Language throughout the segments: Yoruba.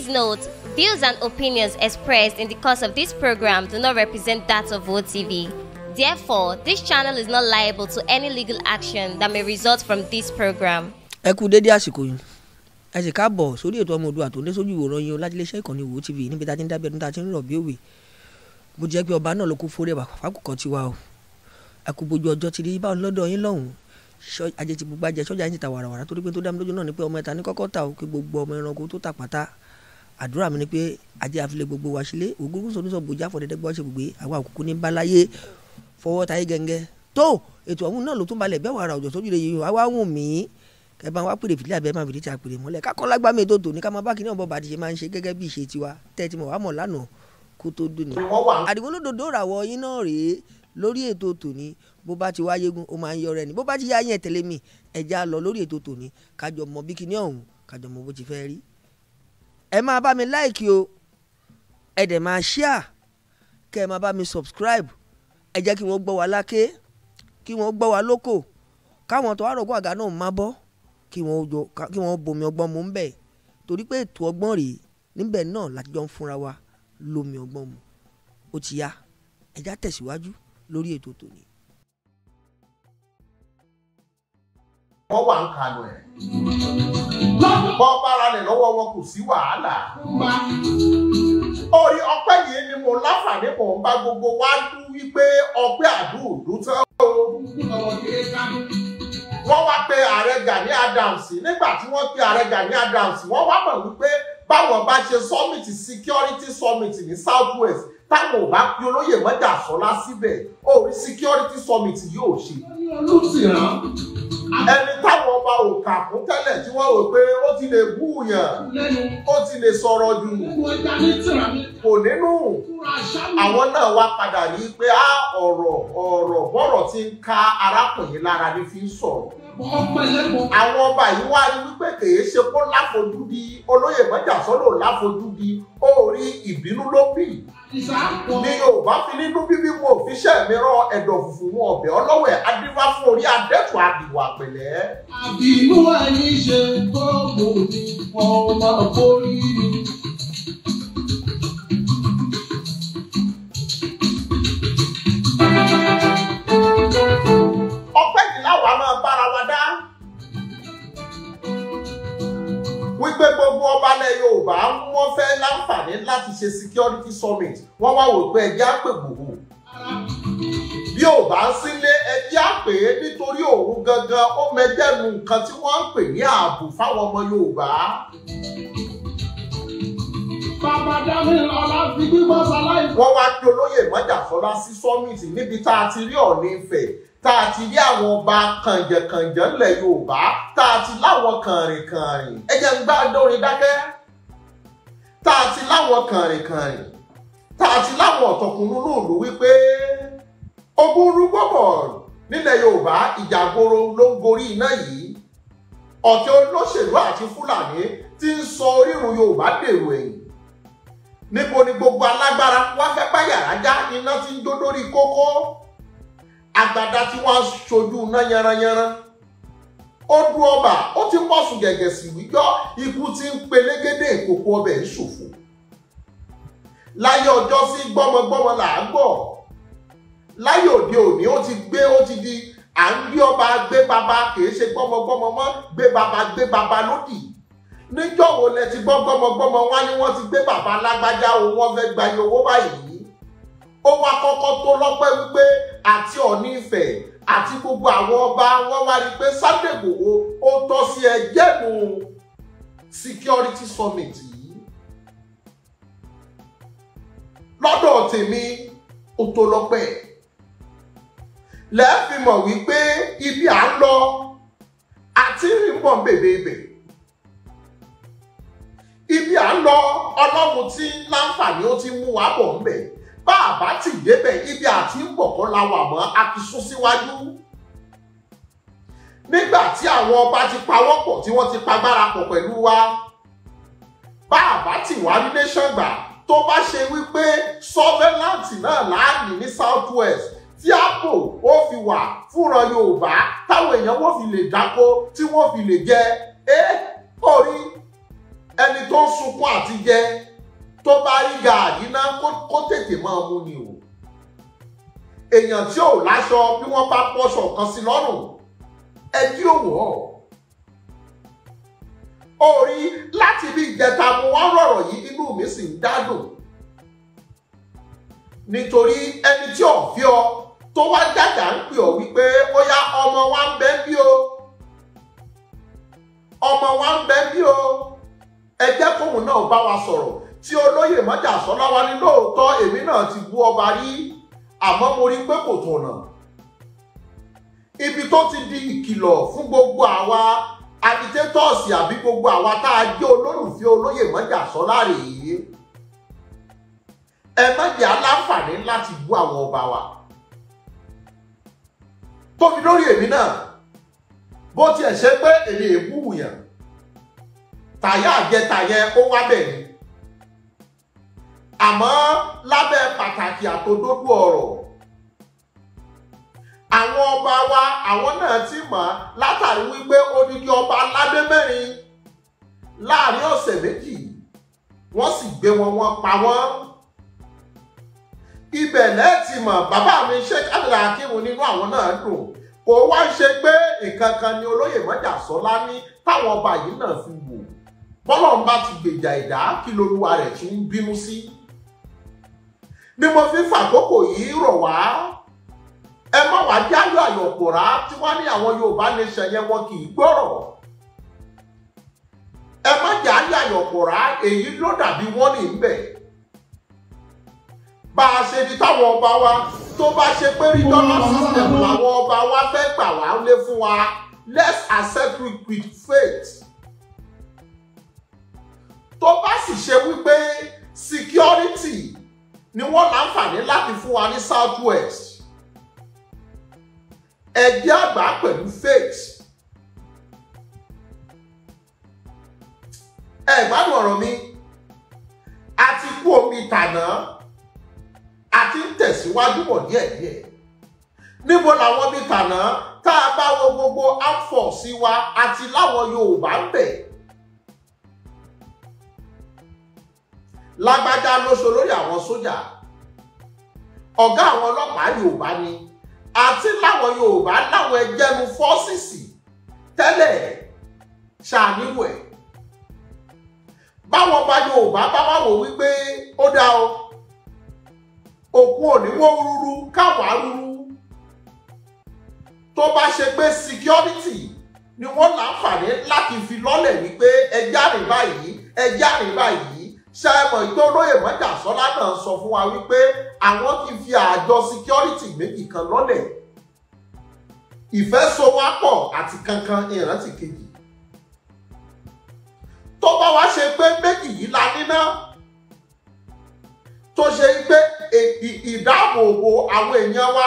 Please note, views and opinions expressed in the course of this program do not represent that of OTV. Therefore, this channel is not liable to any legal action that may result from this program. Ẹ kú dédé àsìkò yìí. Ẹ sì káàbọ̀ sórí ètò ọmọ Oòduà tó ń dé sójú ìwòran yín o láti iléeṣẹ́ ìkànnì Wo TV níbi tá a ti ń dábẹ́ ẹdún tá a ti ń rọ̀ bí òwe. Mo jẹ́ pé ọba náà ló kó forí ẹ̀bà fákùkọ tiwa o. Ẹ kú gbogbo ọjọ́ ti rí báwọn lọ́dọ̀ yín lọ́hùn ajé ti gbogbo ajẹ sọjà yín ti ta wàràwàrà torí pé tó dá mi lójú náà ni pé ọmọ ẹ̀ta ní kọ́kọ́ ta o kí gbogbo ọmọ ẹranko tó ta pátá àdúrà mi ni pé ajé àfilẹ gbogbo wa sílé ògúngún sọ ní sọ bòjá fọdẹdẹ gbọ ṣe gbogbo àwa òkùnkùn ní balaye fọwọ́ tayé gẹ́ngẹ́ tó ètò ọ̀hún náà ló tún balẹ̀ bẹ́ẹ̀ wà ra òjò sójú lè yẹ wá wùn mí ẹ bá wa pèrè fìdí àbẹ́ máa fìdí tí a pèrè mọ́lẹ̀ kákọ́ lágbàmì ètò tòní ká máa bá kìnìún bọ́ba àdìṣe máa ń ṣe gẹ́gẹ́ bí ìṣe tiwa tẹ́tí mọ̀ wá mọ̀ lánàá kó tó dùn ní. àdìgbò lódodo ràwọ̀ yín náà rèé lórí ètò tòní bó bá ti wá yegun ó máa ń yọrẹ ni bó bá ti yá yẹn tẹ̀lé mi ẹ̀já lọ lórí ètò tòní kájọ mọ bí kìnìún ọ̀hún kájọ mọ bó ti fẹ́ rí ẹ máa bá mi láìkì o ẹ dẹ̀ máa ṣíà kẹ́ ẹ máa bá mi subscribe ẹ jẹ́ kí wọ́n gbọ́ wa láké kí wọ́n gbọ́ wa lóko káwọn tó wá rògbò àga náà má bọ́ kí wọ́n bomi ọgbọ́n mu ń torí pé ètò ọgbọ́n rèé níbẹ̀ náà lájọ ń fúnra wa lómi ọgbọ́n mu ó ti yá ẹ̀já tẹ̀síwájú lórí ètò tòní. wọ́n wà ń kanu ẹ̀. bọ́ bára lẹ̀ lọ́wọ́ wọn kò sí wàhálà. orí ọpẹ́ yìí ni mo láǹfààní mò ń bá gbogbo wa dún wípé ọpẹ́ àdúró tán o. wọ́n wá pe ààrẹ Gani Adams nígbà tí wọ́n pe ààrẹ Gani Adams wọ́n wá mọ̀ wípé báwọn bá ṣe summit security summit ní south west táwọn ò bá fi olóyè mọ́jà sọ́lá síbẹ̀ ó rí security summit yóò ṣe. olùsìnrán ẹni táwọn ọba ò kà fún tẹ́lẹ̀ tí wọ́n rò pé ó ti lè bú yàn ó ti lè sọ̀rọ̀ jù kò nínú àwọn náà wá padà ní pé á ọ̀rọ̀ ọ̀rọ̀ bọ́rọ̀ ti ń ka arákùnrin lára ní fi ń sọ̀rọ̀ àwọn ọba yìí wá rí wípé kèé ṣe kó láfojú di olóyè mọ́jà sọ́lò láfojú di ó rí ìbínú ló bì ní yorùbá fi nínú bíbí mo fi ṣẹ́ mi rán ẹ̀dọ̀ fùfú mu ọ̀bẹ̀ ọlọ́wọ́ ẹ̀ adífá fún orí adẹ́tọ̀ àbìwò àpẹ̀lẹ́. àbínú ẹ̀yìn ṣe tó kò ní ọ̀nà kórìí ṣe security summit wọ́n wá wò pé ẹjẹ́ àpè gbòòrò bí ò bá sílé ẹjẹ́ àpè é nítorí òun gangan ó mẹjẹ́nu nǹkan tí wọ́n ń pè ní ààbò fáwọn ọmọ Yorùbá. Bàbá Dámìn Ọládigbígbọ́ Sáláì. Wọ́n wá pé olóyè Májàsọ́lá sí sọ́mìtì níbi tá a ti rí Ọọ̀ni Ifẹ̀ tá a ti rí àwọn ọba kànjẹ̀kànjẹ̀ ńlẹ̀ Yorùbá tá a ti láwọn kànrìnkànrìn. Ẹ jẹ́ ń gbá dórin dákẹ́. tá a ti láwọn kànrìnkànrìn tá a ti láwọn ọ̀tọ̀kùnrin lòlù wípé ogun rúgbọ́bọ̀ nílẹ̀ Yorùbá ìjàgboro ló ń gorí iná yìí ọ̀tẹ̀ olóṣèlú àti Fúlàní ti ń sọ orírun Yorùbá dèrò ẹ̀yìn níbo ni gbogbo alágbára wá fẹ́ bá yàrá já iná ti ń jó lórí kókó àgbàdá tí wọ́n ó dún ọba ó ti pọ̀sùn gẹ̀gẹ̀ sí wíjọ́ ikú ti ń pelégédé ìkòkò ọbẹ̀ ń ṣòfò láyé ọjọ́ sí gbọ́mọgbọ́mọ là á gbọ́ láyé òde òní ó ti gbé ó ti di à ń gbé ọba gbé baba kìí ṣe gbọ́mọgbọ́mọ mọ́ gbé baba gbé baba lódì níjọ́ wo lẹ ti gbọ́ gbọ́mọgbọ́mọ wá ni wọ́n ti gbé baba lágbájá o wọ́n fẹ́ gba owó báyìí ó wá kọ́kọ́ tó lọ́pẹ́ wípé àti Ọ̀ọ̀ni Ifẹ̀ àti gbogbo àwọn ọba wọn wá rí i pé Sunday Igboho ó tọ́ sí ẹgbẹ́ mu security summit yìí lọ́dọ̀ tèmi ó tó lọ́pẹ́ lẹ́ẹ̀fi wípé ibi à ń lọ àti ìrìnbọn bèbè ibẹ̀ ibi à ń lọ ọlọ́run tí láǹfààní ó ti mú wa bọ̀ ń bẹ̀ bá a bá ti débẹ̀ ibi àti ń bọ̀ la wà mọ́ a ti sún síwájú. nígbà tí àwọn ọba ti pawọ́pọ̀ tí wọ́n ti pagbára pọ̀ pẹ̀lú wa bá a bá ti wá ní nation gbà tó bá ṣe wípé surveillance náà láàyè ní south west tí àpò ó fi wà fúnra yorùbá táwọn èèyàn wọ́n fi lè dáko tí wọ́n fi lè jẹ ẹ́ orí ẹni tó ń sunkún àti jẹ tó bá rí gàárì náà kó tètè máa mú ni o èèyàn tí ò láṣọ bí wọ́n bá pọṣọ kan sí lọ́rùn ẹ kí ò wọ̀ ọ́ orí láti bí ìjẹta mo wá rọ̀rọ̀ yìí inú mi sì ń dádùn nítorí ẹni tí ò fi ọ tó wá dàgbà ń pè ọ wípé ó yá ọmọ wa ń bẹ bí o ọmọ wa ń bẹ bí o ẹ jẹ́ kóun náà bá wa sọ̀rọ̀ tí olóyè Májàsọ́lá wá ní lóòótọ́ èmi náà ti bú ọba rí àmọ́ mo rí pé kò tọ̀nà ibi tó ti di ìkìlọ̀ fún gbogbo àwa agitators àbí gbogbo àwa tá a jẹ́ olólùfẹ́ olóyè Májàsọ́lá rèé ẹ má jẹ́ aláǹfààní láti bú àwọn ọba wa tó fi lórí èmi náà bó tiẹ̀ ṣe pé èmi èébú yàn tàyà àjẹtàyẹ ó wá bẹ̀ àmọ́ lábẹ́ pàtàkì àtòdodo ọ̀rọ̀ àwọn ọba wa àwọn náà ti mọ̀ látàrí wípé odidi ọba aládé mẹ́rin láàrin ọ̀sẹ̀ méjì wọ́n sì gbé wọn wọ́n pa wọ́n ibẹ̀ lẹ́ẹ̀tì mọ̀ bàbá mi Sheikh Abdul Hakeem nínú àwọn náà dùn kò wá ṣe pé nǹkan kan ni olóyè mọ́jà sọlá ní táwọn ọba yìí náà fi wò bọ́lọ̀ ń bá ti gbèjà ìdá kí lolúwa rẹ̀ ti ń bínú sí. Si ni mo fi fàkókò yìí rọ̀ wá ẹ má wàá jáyọ̀ àyọ̀pòrá tí wọ́n ní àwọn Yorùbá nation yẹn wọn kì í gbọ́rọ̀ ẹ má jáyọ̀ àyọ̀pòrá èyí ló dàbí wọ́n ní bẹ̀ bá a ṣe di táwọn ọba wa tó bá ṣe pé rídọ́lá sísẹ̀mù àwọn ọba wa fẹ́ gbà wá lé fún wa let's accept it with faith tó bá sì ṣe wípé security ni wọ́n láǹfààní láti fún wa ní south west ẹgbẹ́ àgbà pẹ̀lú faith ẹ gbádùn ọ̀rọ̀ mi àti kú omi tànà àti ń tẹ̀síwájú bọ̀ díẹ̀díẹ̀ níbo làwọn bí tànà tá a bá wo gbogbo amfọ̀ sí wa àti láwọn Yorùbá ń bẹ̀. lágbájá ló ṣe olórí àwọn sójà ọ̀gá àwọn ọlọ́pàá yorùbá ni àti láwọn yorùbá láwọn ẹgbẹ́nu fọ́sìsì tẹ́lẹ̀ ṣàníwò ẹ̀ báwọn ọba yorùbá bá wà wò wípé ó dá o òkú òníwó rúru káwàá rúru tó bá ṣe pé security ni wọ́n láǹfààní láti fi lọ́lẹ̀ wípé ẹjá rìn báyìí ẹjá rìn báyìí ṣàìmọ̀ ìgbẹ́ olóyè Mọ́jàsọ́lá náà sọ fún wa wípé àwọn ti fi àjọ security méjì kan lọ́lẹ̀ ìfẹ́sowápọ̀ àti kankan ìrántí kejì tó bá wá ṣe pé méjì yìí la níná tó ṣe pé ìdáàbòbò àwọn èèyàn wa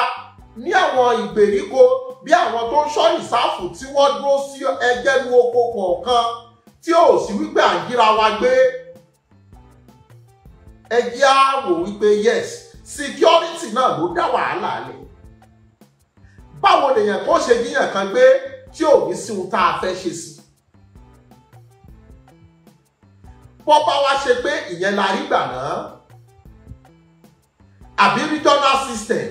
ní àwọn ìgbèríko bí àwọn tó ń ṣọ́ ìsáàfù tí wọ́n dúró sí ẹgbẹ́nu oko kọ̀ọ̀kan tí ò sí wípé à ń yíra wa gbé ẹ jẹ́ á wípé yes security náà ló dá wàhálà lẹ̀ báwo lèèyàn kan ṣe jíyàn kan gbé tí ò ní sí ohun tá a fẹ́ ṣe sí bó bá wá ṣe pé ìyẹn la rí gbà náà àbí regional system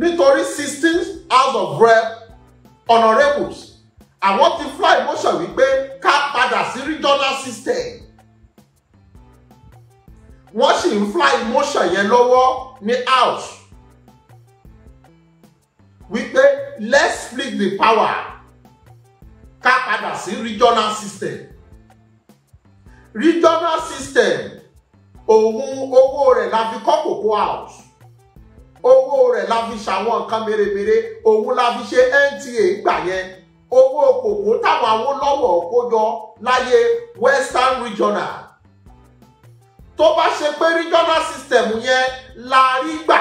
nítorí sixteen house of rep honourables àwọn ti fly motion wípé ká padà sí regional system wọ́n sì ń fly motion yẹn lọ́wọ́ ní house wípé let's split the power ká padà sí regional system regional system òun owó rẹ̀ la fi kọ́ cocoa house owó rẹ̀ la fi ṣàwọn nǹkan mèremère òun la fi ṣe NTA gbà yẹn owó kòkó táwọn awólọ́wọ̀ kó jọ láyé western regional tó bá ṣe pé regional system yẹn la rí gbà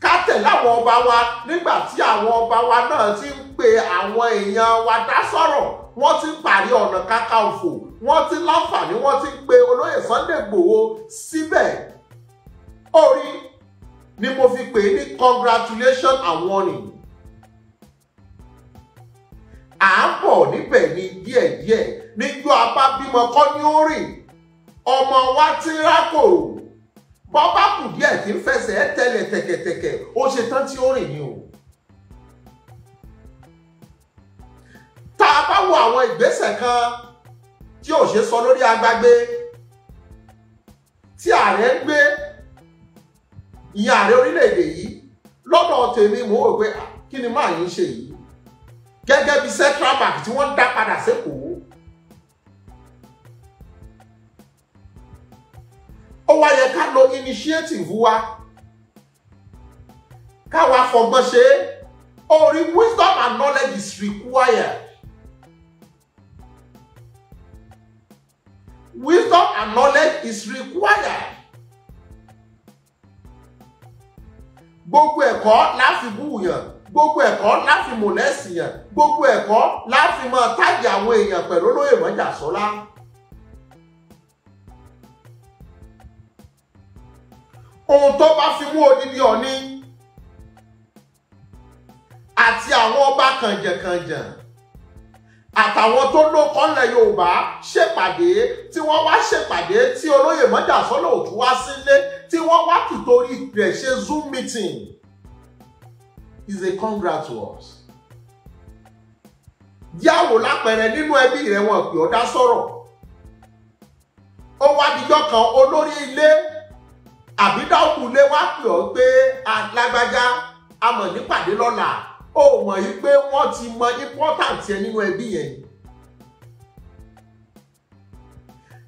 ká tẹ̀lé àwọn ọba wa nígbà tí àwọn ọba wa náà ti ń pe àwọn èèyàn wa dá sọ̀rọ̀ wọ́n ti ń parí ọ̀nà káká òfò wọ́n ti láǹfààní wọ́n ti ń pe olóyè Sunday Igboho síbẹ̀ orí ni mo fi pè é ní congratulation and warning à ń bọ̀ níbẹ̀ ni díẹ̀díẹ̀ níjọ́ abá bímọ kọ́ ni ó rìn ọmọ wa ti rákò bọ́bá kù díẹ̀ tí ń fẹsẹ̀ tẹ̀lẹ̀ tẹ̀kẹ̀tẹ̀kẹ̀ ó ṣe tán tí ó rìn ni o. tá a bá wo àwọn ìgbésẹ̀ kan tí ò ṣe sọ lórí agbágbé tí ààrẹ ń gbé ìyẹn ààrẹ orílẹ̀-èdè yìí lọ́dọ̀ tèmi mò ń wò pé ah, kí ni máa yín ṣe yìí gẹ́gẹ́ bí central bank tí wọ́n dá padà sékòó ó wá yẹ ká lo initiative wa káwa fọgbọ́n ṣe é orí wisdom and knowledge is required wisdom and knowledge is required gbogbo ẹ̀kọ́ láfi búùyàn gbogbo ẹ̀kọ́ láfi mọ̀lẹ́sìyàn gbogbo ẹ̀kọ́ láfi mọ táàgì àwọn èèyàn pẹ̀lú olóyè mọ́jà sọ́lá. So ohun tó bá fi mú odidi ọ̀ní àti àwọn ọba kànjẹ̀kànjẹ̀ àtàwọn tó ló kọ́lẹ̀ yorùbá ṣèpàdé tí wọ́n wá ṣèpàdé tí olóyè mọ́jàsọ́nà òtún wá sílé tí wọ́n wá tìtorí rẹ̀ ṣe zoom meeting is a congrats to us. yàwó lápẹẹrẹ nínú ẹbí rẹ̀ wọn pè ọ́ dá sọ̀rọ̀ ó wá dijọ́ kan olórí ilé àbí dáhùn lé wá pè ọ́ pé alágbájá amọ̀ nípàdé lọ́la ó mọ̀ yí pé wọ́n ti mọ important ẹ nínú ẹbí yẹn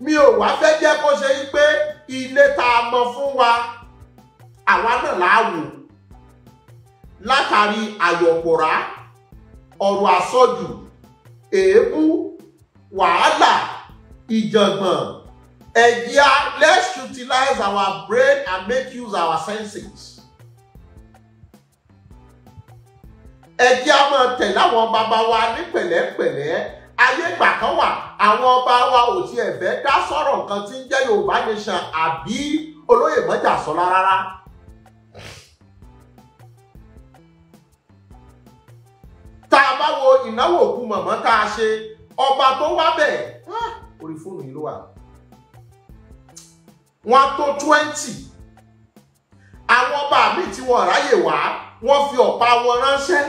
mi ò wá fẹ́ jẹ́ kó ṣe yí pé ilé tá a mọ fún wa àwa náà láàwò látàrí àyọ̀pọ̀rá ọ̀rọ̀ àsọjù èébú wàhálà ìjàngbọ̀n And yeah, let's utilize our brain and make use our senses. Ẹ jẹ́ á àwọn bàbá wa ní pẹ̀lẹ́pẹ̀lẹ́. Ayé ìgbà kan wà, àwọn ọba wa ò tiẹ̀ fẹ́ dá sọ̀rọ̀ nǹkan tí ń jẹ́ Yorùbá nation àbí olóyè mọ́jà sọ́lá rárá. Tá a bá wo ìnáwó òkú mọ̀mọ́ tá a ṣe, ọba tó wá bẹ̀ orí fóònù yìí ló wà wọ́n á tó twenty àwọn ọba mi tí wọ́n ráyè wá wọ́n fi ọ̀pá wọn ránṣẹ́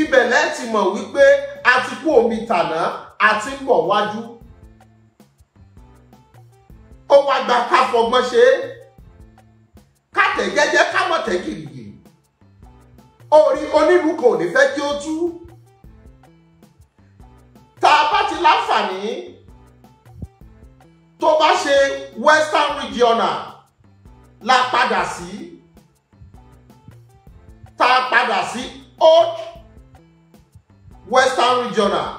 ibẹ̀ lẹ́ẹ̀tì mọ̀ wípé a ti kú omi tàná a ti ń bọ̀ wájú ó wá gba ká fọgbọ́n ṣe é ká tẹ̀ jẹ́jẹ́ orí onílù kò ní fẹ́ kí ó tú tá a bá ti láǹfààní tó bá ṣe western regional la padà sí tá padà sí old western regional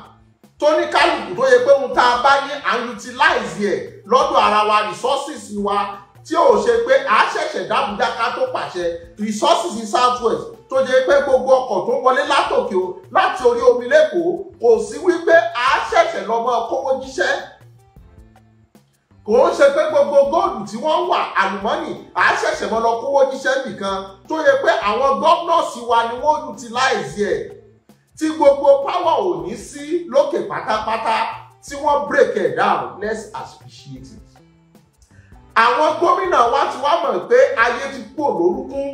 tó ní kálukú tó yẹ pé ohun tá a bá ní à ń utilize ẹ̀ lọ́dọ̀ ara wa resources wa tí ò ṣe pé a ṣẹ̀ṣẹ̀ dábùdá ká tó pàṣẹ resources in south west tó jẹ́ pé gbogbo ọkọ̀ tó wọlé látòkè o láti orí omi lẹ́kọ̀ọ́ kò sí wípé a ṣẹ̀ṣẹ̀ lọ́mọ kówó jíṣẹ́ kò ń ṣe pé gbogbo góòlù tí wọ́n wà àlùmọ́nì àṣẹ̀ṣẹ̀ mọ́ lọ kówó jíṣẹ́ nìkan tó yẹ pé àwọn gọ́fúnọ̀sì wa ni wọ́n utilize ẹ̀ tí gbogbo páwà ò ní sí lókè pátápátá tí wọ́n break it down let's appreciate it. àwọn gómìnà wa ti wá mọ̀ pé ayé ti kúrò lórúkún.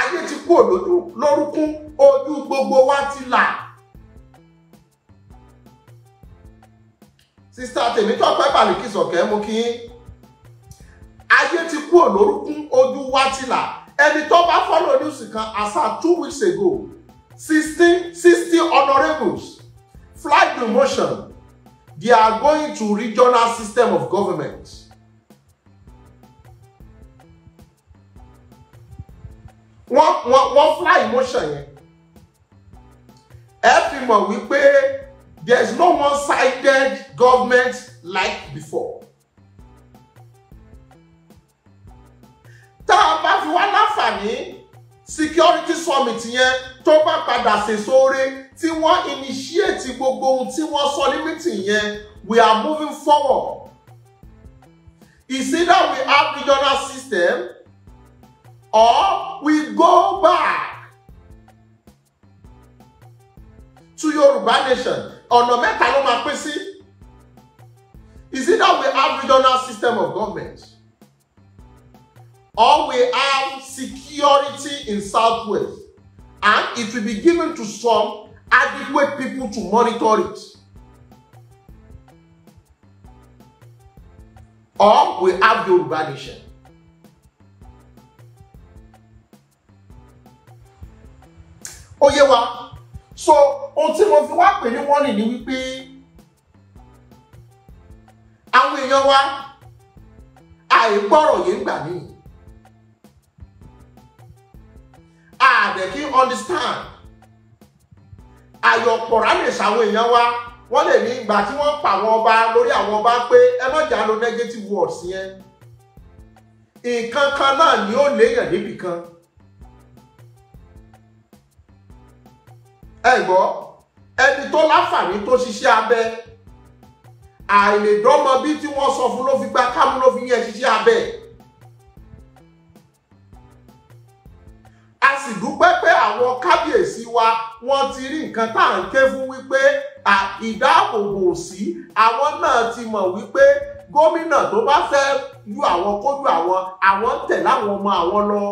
ayé ti kúrò lórúkún ojú gbogbo wa ti là. sísá tèmi tọ́pẹ́ pàlíkì sọ̀kẹ́ mú kí ayé ti kú òlórúkún ojú wa ti là ẹni tó bá fọ́lọ̀ news kan àṣà two weeks ago sixteen sixty honourables Flight promotion. they are going to regional system of government. wọ́n wọ́n wọ́n fly motion yẹn ẹ fi mọ̀ wípé. There is no one-sided government like before. Tá a bá fi wá láǹfààní security summit yẹn tó bá padà sèso oore tí wọ́n initiate gbogbo ohun tí wọ́n sọ ní meeting yẹn we are moving forward. Is it that we have regional system or we go back to Yoruba nation ọ̀nà mẹ́ta ló máa pín sí is it that we have regional system of government or we have security in southwest and it will be given to some adequate people to monitor it or we have Yoruba nation. ó yé wa so ohun tí mo fi wá pè ní wọ́nì ni wípé àwọn èèyàn wa àìgbọ́rọ̀ yé gbà mí àdẹ̀ kí understand àyọ̀pọ̀ra lè ṣàwọn èèyàn wa wọ́n lè ní ìgbà tí wọ́n pa àwọn ọba lórí àwọn ọba pé ẹ má jà lo negative words yẹn nǹkan kan náà ni ó léèyàn débì kan. ẹ gbọ́ ẹni tó láǹfààní tó ṣiṣẹ́ abẹ àìlèdọ́mọ bí tí wọ́n sọ fún ló fi gba kámú ló fi yẹn ṣiṣẹ́ abẹ. a sì dúpẹ́ pé àwọn kábíyèsí wa wọ́n ti rí nǹkan tá à ń ké fún wípé ìdáàbòbò sí àwọn náà ti mọ̀ wípé gómìnà tó bá fẹ́ yú àwọn kó yú àwọn àwọn ń tẹ̀ láwọn ọmọ àwọn lọ.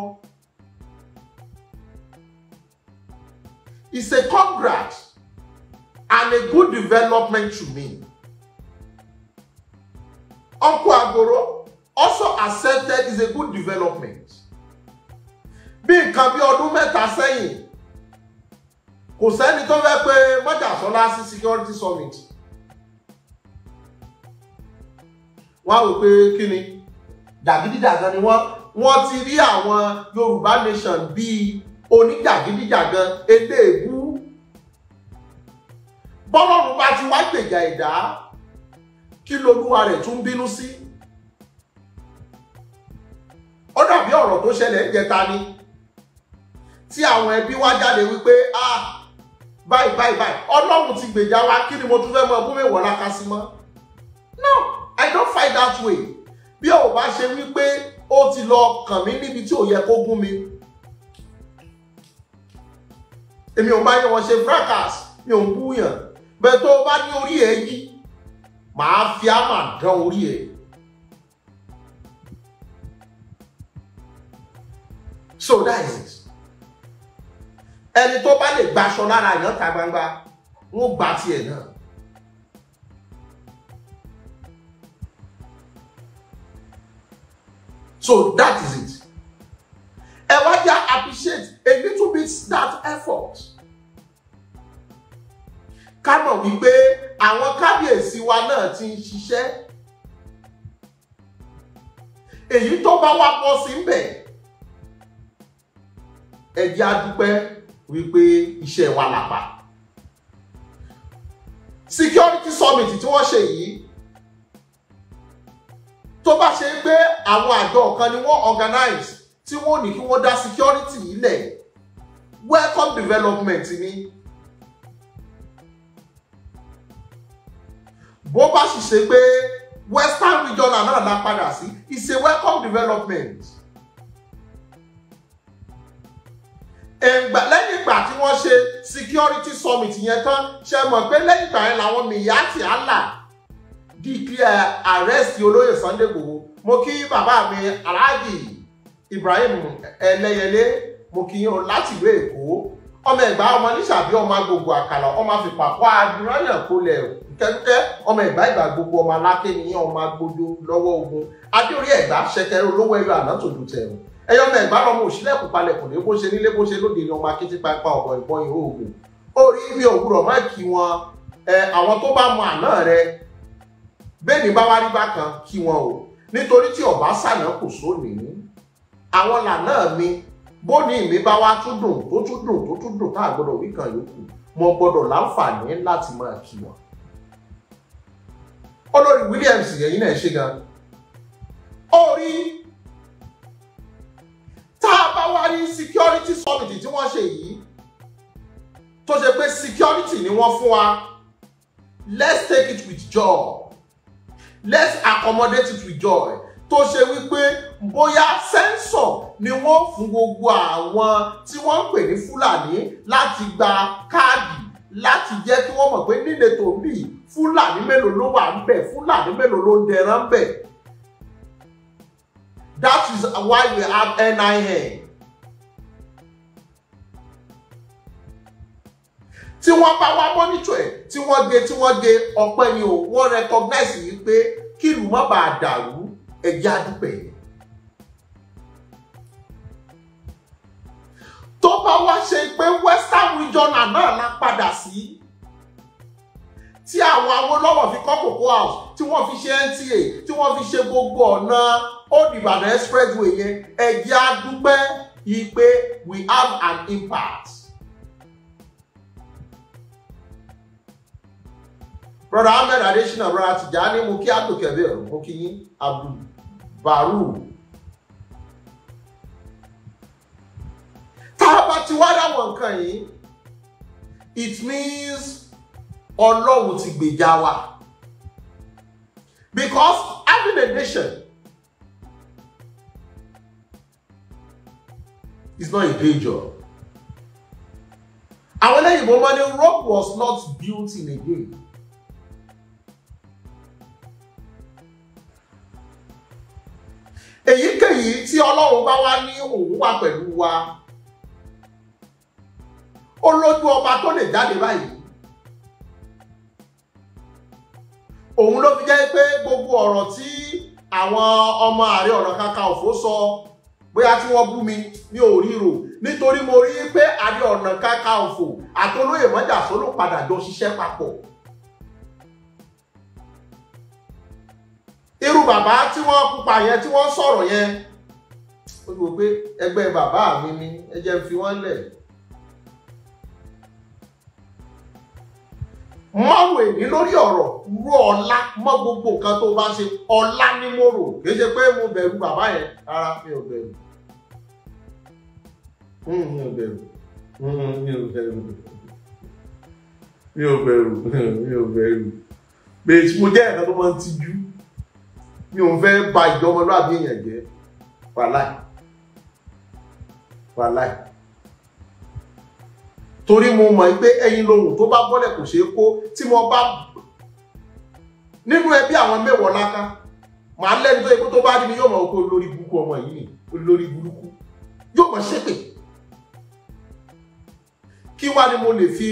It's a congrats and a good development to me. Uncle Agoro also accepted is a good development. Bí nǹkan bí ọdún mẹ́ta sẹ́yìn, kò sẹ́ni tó fẹ́ pé Mọ́jàsọ́lá sí security summit. Wọ́n á wò pé kí ni? Dàgídídàgan ni wọ́n wọ́n ti rí àwọn Yorùbá nation bíi oníjàgídíjàgan eléèbú bọ́lọ́run bá ti wá gbèjà ẹ̀dá kí lolúwa rẹ̀ tún bínú sí ó dàbí ọ̀rọ̀ tó ṣẹlẹ̀ ń jẹta ni tí àwọn ẹbí wá jáde wípé ah báyìí báyìí báyìí ọlọ́run ti gbèjà wa kí ni mo tún fẹ́ mọ ọdún mẹ́wàá láka sí mọ́ no i don't fight that way bí o bá ṣe wípé ó ti lọ kàn mí níbi tí ò yẹ kó gún mi èmi ò bá yẹ wọn ṣe fracas mi ò ń búyàn bẹ́ẹ̀ tó o bá ní orí ẹ yí màá fi àmà dán orí ẹ. so that is it ẹni tó bá lè gbaṣọ lára èèyàn ta gbangba wọn gba tiẹ̀ náà. so that is it. Elijah appreciates a little bit that effort. Ká mọ̀ wípé àwọn kábíyèsí wa náà ti ń ṣiṣẹ́. Èyí tó bá wá pọ̀ sí ń bẹ̀. Ẹ jẹ́ á dúpẹ́ wípé iṣẹ́ wa làpá. Security summit tí wọ́n ṣe yìí tó bá ṣe pé àwọn àjọ kan ni wọ́n organize tí wọ́n ní kí wọ́n dá security yìí lẹ̀ welcome development ni. bó bá sì ṣe pé western region náà la padà sí is a welcome development. ẹ̀ǹgbà lẹ́yìn ìgbà tí wọ́n ṣe security summit yẹn tán ṣe mọ̀ pé lẹ́yìn ìgbà yẹn làwọn Miyetti Allah declare arrest olóyè Sunday Igboho mo kí bàbá mi aláàjì Ibrahim Ẹlẹ́yẹlé mo kí yín o láti ìlú Èkó ọmọ Ẹ̀gbá ọmọ níṣàbí ọmọ agbègbè àkàlà ọmọ àfipàkọ àdúrálẹ kólẹ kẹkẹ ọmọ Ẹ̀gbá ìgbà gbogbo ọmọ aláké ní ọmọ agbódó lọ́wọ́ ogun adéorí Ẹ̀gbá ṣẹkẹrẹ olówó ẹyọ àná tòdù tẹrù ẹyọ ọmọ Ẹ̀gbá lọmọ òṣìlẹ̀kùn palẹ̀kùn ní bó ṣe nílé bó ṣe lóde ni ọmọ akéjì pápá ọbọ ìbọn ìhó ogun ó rí ibi òwúrọ̀ má kí wọn àwọn tó bá mọ àná rẹ bẹ́ẹ̀ bá wá rí bákan kí wọn o nítorí tí ọba sànà kò sóòní àwọn lànà mi bó ní ìmí bá wá tún dùn tó tún dùn tó tún dùn tá a gbọ́dọ̀ wí kan yòókù mo gbọ́dọ̀ láǹfààní láti máa kí wọn. olórí Williams ẹ̀yin náà ṣe gan orí tá a bá wá ní security summit tí wọ́n ṣe yìí tó ṣe pé security ni wọ́n fún wa let's take it with joy let's accommodate it with joy tó ṣe wípé bóyá sẹ́ńsọ̀ ni wọ́n fún gbogbo àwọn tí wọ́n ń pè ní Fúlàní láti gba káàdì láti jẹ́ kí wọ́n mọ̀ pé nílé tó ń bì Fúlàní mélòó ló wà ń bẹ̀ Fúlàní mélòó ló ń dẹran ń bẹ̀. That is why we have NIN. tí wọ́n bá wá mọ́nítọ̀ ẹ̀ tí wọ́n gé tí wọ́n gé ọpẹ́ ni o wọ́n recognize yìí pé kí ìlú má bàa dàrú ẹ̀jẹ̀ àdúpẹ́ yìí. tó bá wá ṣe pé western regional náà la padà sí tí àwọn Awólọ́wọ̀ fi kọ́ Cocoa House tí wọ́n fi ṣe NTA tí wọ́n fi ṣe gbogbo ọ̀nà Old Ibadan expressway yẹn ẹ jẹ́ yìí pé we have an impact. brother ahmed adesina brother tijani mo kí àtòkẹ́bẹ̀rẹ̀ mo kí yín abdul baru tá a bá ti wá dáwọn nǹkan yìí it means ọlọ́run ti gbèjà wa because having a nation is not a day job àwọn ẹlẹ́yìnbó máa ní rock was not built in a day. èyíkéyìí tí ọlọ́run bá wá ní òun wà pẹ̀lú wa ó lójú ọba tó lè jáde báyìí òun ló fi jẹ́ pé gbogbo ọ̀rọ̀ tí àwọn ọmọ ààrẹ ọ̀nà kakanfò sọ bóyá tí wọ́n bú mi ní òríro nítorí mo rí pé ààrẹ ọ̀nà kakanfò àtolóyè mọ́jàsó ló padà jọ ṣiṣẹ́ papọ̀. irú bàbá tí wọ́n pupa yẹn tí wọ́n sọ̀rọ̀ yẹn ó ti wò pé ẹgbẹ́ bàbá mi ni ẹ jẹ́ fi wọ́n lẹ̀. mọ́wò èyí lórí ọ̀rọ̀ rú ọ̀la mọ́ gbogbo nǹkan tó bá ṣe ọ̀la ni mo rò kì í ṣe pé mo bẹ̀rù bàbá yẹn rárá mi ò bẹ̀rù hmm, hmm, mi ò bẹ̀rù mi ò bẹ̀rù mi ò bẹ̀rù mi ò bẹ̀rù bẹ́ẹ̀ mo jẹ́ ẹ̀ka tó máa ń tijú mi ò fẹ́ ba ìjọmọlúwàbí èèyàn jẹ́ wàláì wàláì torí mo mọ̀ pé ẹyin lohun tó bá bọ́lẹ̀ kò ṣeé kó tí mo bá nínú ẹbí àwọn mẹ́wọ̀ọ́ láká màá lẹ́nu tó yẹ kó tó bá rí mi yóò mọ̀ kó lórí burúkú ọmọ yìí ni olórí burúkú yóò mọ̀ ṣépè kí wá ni mo lè fi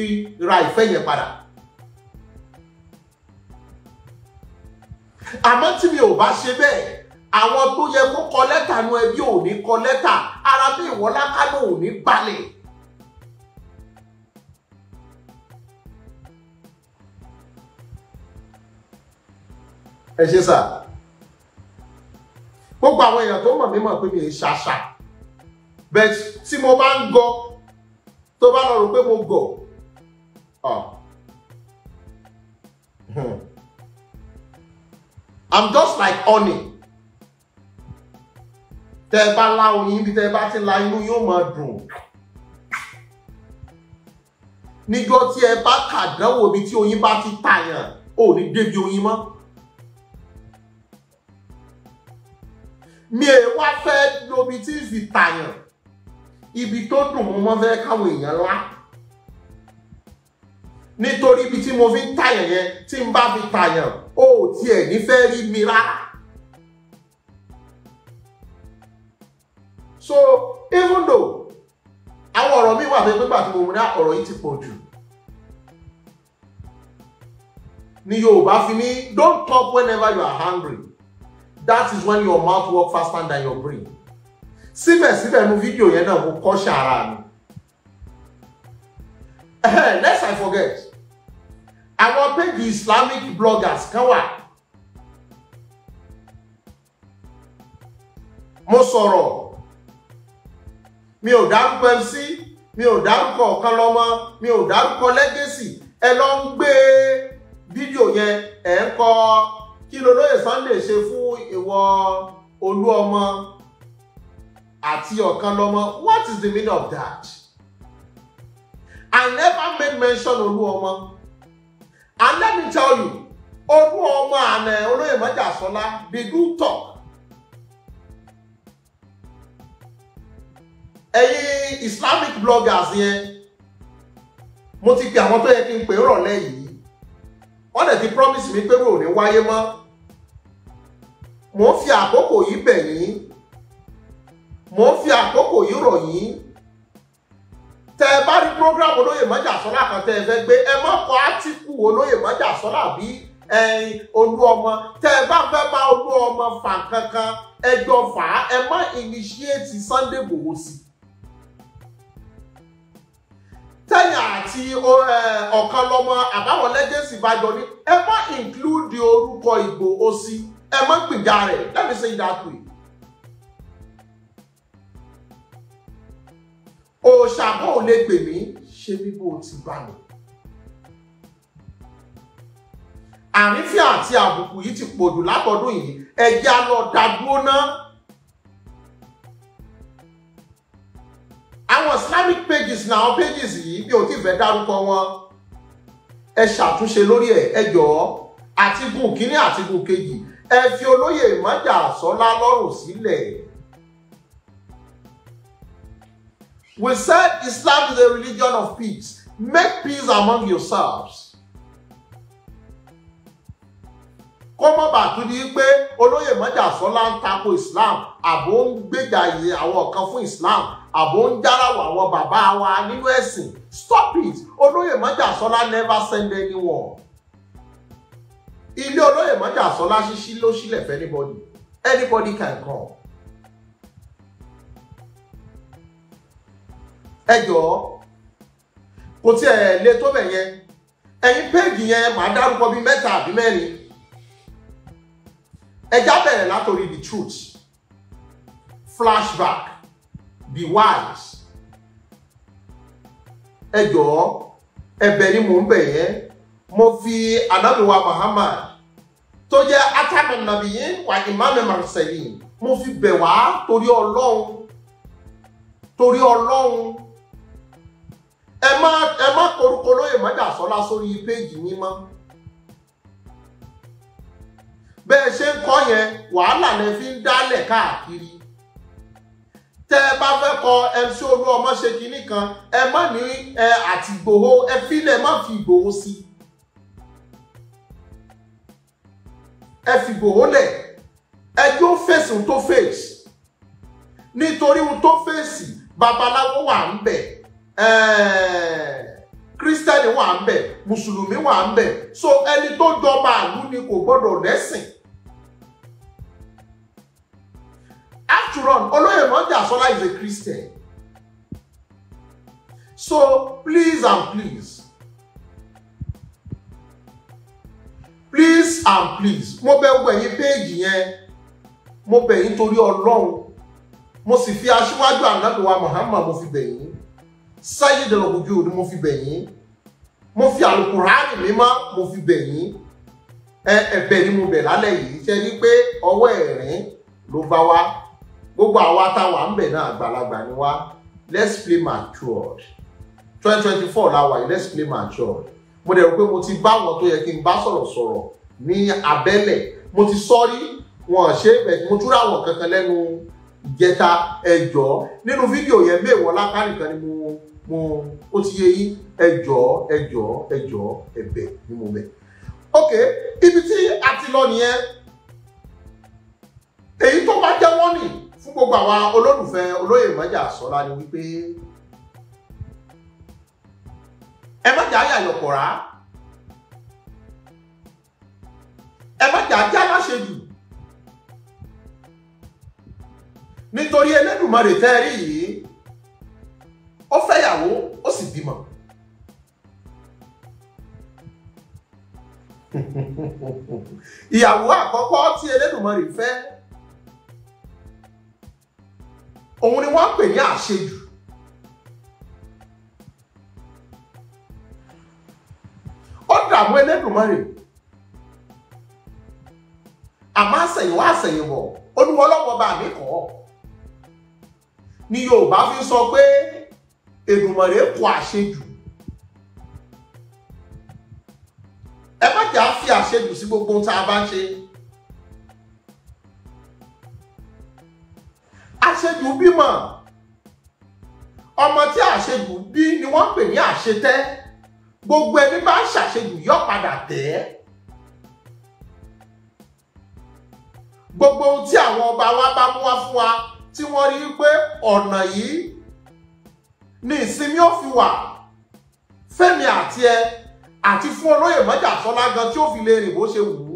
ra ìfẹ́ yẹn padà àmọ́ tí mi ò bá ṣe bẹ́ẹ̀ àwọn tó yẹ kó kọ lẹ́tà nu ẹbí ò ní kọ lẹ́tà ara bí ìwọ́lákánú ò ní balẹ̀. ẹ ṣe sà gbogbo àwọn èèyàn tó mọ̀ mí mọ̀ pé mi ì ṣàṣà bẹ́ẹ̀ tí mo bá ń gọ tó bá lọ rò pé mo gọ̀ ọ̀ I'm just like honey tẹ́ ẹ bá lá oyin bí tẹ́ ẹ bá ti la inú yóò máa dùn níjọ́ tí ẹ bá kàdánwò bí tí oyin bá ti tàyàn ò ní débi oyin mọ́. mi ẹ wá fẹ́ lobi tí ń fi tàyàn ibi tó dùn mo mọ́ fẹ́ káwọn èèyàn lá nítorí ibi tí mo fi ń tàyàn yẹn tí n bá fi tàyàn ó tiẹ̀ ní rí mi rárá. so even though àwọn ọ̀rọ̀ mi wà pé nígbà tí mo mú ní ọ̀rọ̀ yìí ti pọ̀ jù ni Yorùbá fi ní don't talk whenever you are hungry that is when your mouth work faster than your brain síbẹ̀síbẹ̀ nu fídíò yẹn náà mo kọ́ ṣàrà mi lest I forget àwọn péjì Islamic bloggers kan wà mo sọ̀rọ̀ mi ò dárúkọ MC mi ò dárúkọ ọ̀kan lọ́mọ mi ò dárúkọ legacy ẹ lọ ń gbé fídíò yẹn ẹ̀ ń kọ́ kí lolóyè Sunday ṣe fún ìwọ olú ọmọ àti ọ̀kan lọ́mọ what is the meaning of that I never made mention olú ọmọ and let me tell you olú ọmọ àná eh, olóyè Májàsọ́lá be good talk ẹ̀yin Islamic bloggers yẹn mo ti pè àwọn tó yẹ kí n pè rọ̀lẹ́ yìí wọ́n dẹ̀ ti promise mi pé wò ní wáyé mọ́ mò ń fi àkókò yìí bẹ̀ yín mò ń fi àkókò yìí rọ̀ yín tẹ ẹ bá rí program olóyè mọ́jà sọ́lá kan tẹ ẹ fẹ́ gbé ẹ má kọ átíkù olóyè mọ́jà sọ́lá bí ẹyin olú ọmọ tẹ ẹ bá fẹ́ bá olú ọmọ fà kankan ẹjọ́ fà á ẹ má initiate Sunday Igboho sí tẹ́yìn àti ọ̀kan lọ́mọ àbáwọn lẹ́gẹ̀sì bá jọ ní ẹ má include orúkọ ìgbò òsì ẹ má gbìjà rẹ̀ let me say that way. òṣàbọ̀ ò lè gbè mí ṣe bíbó ti bá mi. àrífín àti àbùkù yìí ti pọ̀jù látọdún yìí ẹ̀jẹ̀ á lọ dá dúró náà. àwọn islamic pages náà àwọn pages yìí bí o ti fẹ́ dárúkọ wọn ẹ ṣàtúnṣe lórí ẹ ẹ jọ̀ọ́ àtìgùn kínní àtìgùn kejì ẹ fi olóyè ìmọ̀jà sọ́lá lọ́rùn sílẹ̀. We said Islam is a religion of peace. Make peace among yourselves. kó mọ̀ bá tún di pé olóyè mọ́jà sọ́lá ń tako Islam àbò ń gbèjà àwọn kan fún Islam àbò àwọn bàbá wa nínú ẹ̀sìn stop it olóyè mọ́jàsọ́lá never send anyone ilé olóyè mọ́jàsọ́lá ṣíṣí ló sílẹ̀ fẹ́ anybody anybody can come. ẹ jọ̀ọ́ kò tí ẹ lè tó bẹ̀ yẹn ẹ̀yin péèjì yẹn màá dárúkọ bíi mẹ́ta àbí mẹ́rin ẹjá bẹ̀rẹ̀ látòrí the truth flashback be wise. ẹ jọ̀ọ́ ẹ̀bẹ̀ ni mò ń bẹ̀ yẹn mo fi anabiwa Muhammad tó jẹ́ atamu nabiyin wa imaamu marcelin mo fi bẹ̀ wá torí Ọlọ́run torí Ọlọ́run ẹ má ẹ má korúkọ lóye mọ́jà sọ́lá sórí péjì yín mọ́ bẹ́ẹ̀ ṣe ń kọ́ yẹn wàhálà lẹ fi ń dálẹ̀ káàkiri tẹ ẹ bá fẹ́ kọ MC Olúọmọ ṣe kinní kan ẹ má ní ẹ àti Ìgbòho ẹ fílẹ̀ má fi Ìgbòho sí ẹ fi Ìgbòho lẹ̀ ẹ yóò fèsì ohun tó fèsì nítorí ohun tó fèsì babaláwo wà ń bẹ̀ kírísítẹ́nì wà ń bẹ̀ mùsùlùmí wà ń bẹ̀ so ẹni tó jọba àlú ni kò gbọ́dọ̀ lẹ́sìn. after all olóyè monday asola is a christian so please and please please and please mo bẹ̀ wọ ẹ̀yin péèjì yẹn mo bẹ̀ yín torí Ọlọ́run mo sì fi aṣíwájú ànábì wa Muhammad mo fi bẹ̀ yín sáyé dẹrọ ojú òní mo fi bẹ̀ yín mo fi àlùkùránì mímọ́ mo fi bẹ̀ yín ẹ̀bẹ̀ ni mo bẹ̀ lálẹ́ yìí ṣe ni pé ọwọ́ ẹ̀rín ló bá wá gbogbo àwa táwa ń bẹ̀ náà àgbàlagbà ni wá let's play matured twenty twenty four la wà yìí let's play matured mo dẹ̀ rò pé mo ti bá àwọn tó yẹ kí n bá sọ̀rọ̀ sọ̀rọ̀ ní abẹ́lẹ̀ mo ti sọ́rí wọn ṣe é bẹ̀rẹ̀ mo tún ra àwọn kankan lẹ́nu ìjẹta ẹjọ́ nínú fídíò yẹn méèwọ̀ lápá nìkan ni mo mo ó ti yé yín ẹjọ́ ẹjọ́ ẹjọ́ ẹ̀bẹ̀ ni mo bẹ̀. ok ibi tí a ti lọ nìyẹn èyí tó bá jẹ́ wọ́n nìyí fún gbogbo àwa olólùfẹ́ olóyè mọ́jà sọ́lá ni wípé ẹ má jà á yàyọ̀pọ̀ rà ẹ má jà á já láṣẹ jù nítorí Ẹlẹ́dùmarè tẹ́ ẹ rí yìí ó fẹ́yàwó ó sì bímọ. ìyàwó àkọ́kọ́ tí Ẹlẹ́dùmarè fẹ́ òun ni wọ́n ń pè ní àṣejù ó dààmú Elédùmarè àmọ́ àṣẹ̀yìnwá àṣẹ̀yìnbọ̀ olúwa ọlọ́wọ́ bá mi kọ́ ni Yorùbá fi sọ pé Èdùmarè kọ àṣejù ẹ má jà á fi àṣejù sí gbogbo ohun tá a bá ń ṣe. àṣejù bímọ ọmọ tí àṣejù bí ni wọ́n ń pè ní àṣetẹ́ gbogbo ẹni bá ṣàṣejù yọ padà tẹ́ gbogbo ohun tí àwọn ọba wa bá mú wá fún wa tí wọ́n rí pé ọ̀nà yìí ni ìsinmi ó fi wà fẹ́mi àti ẹ àti fún olóyè mọ́jà sọ́lá gan tí ó fi lè rìn bó ṣe wù ú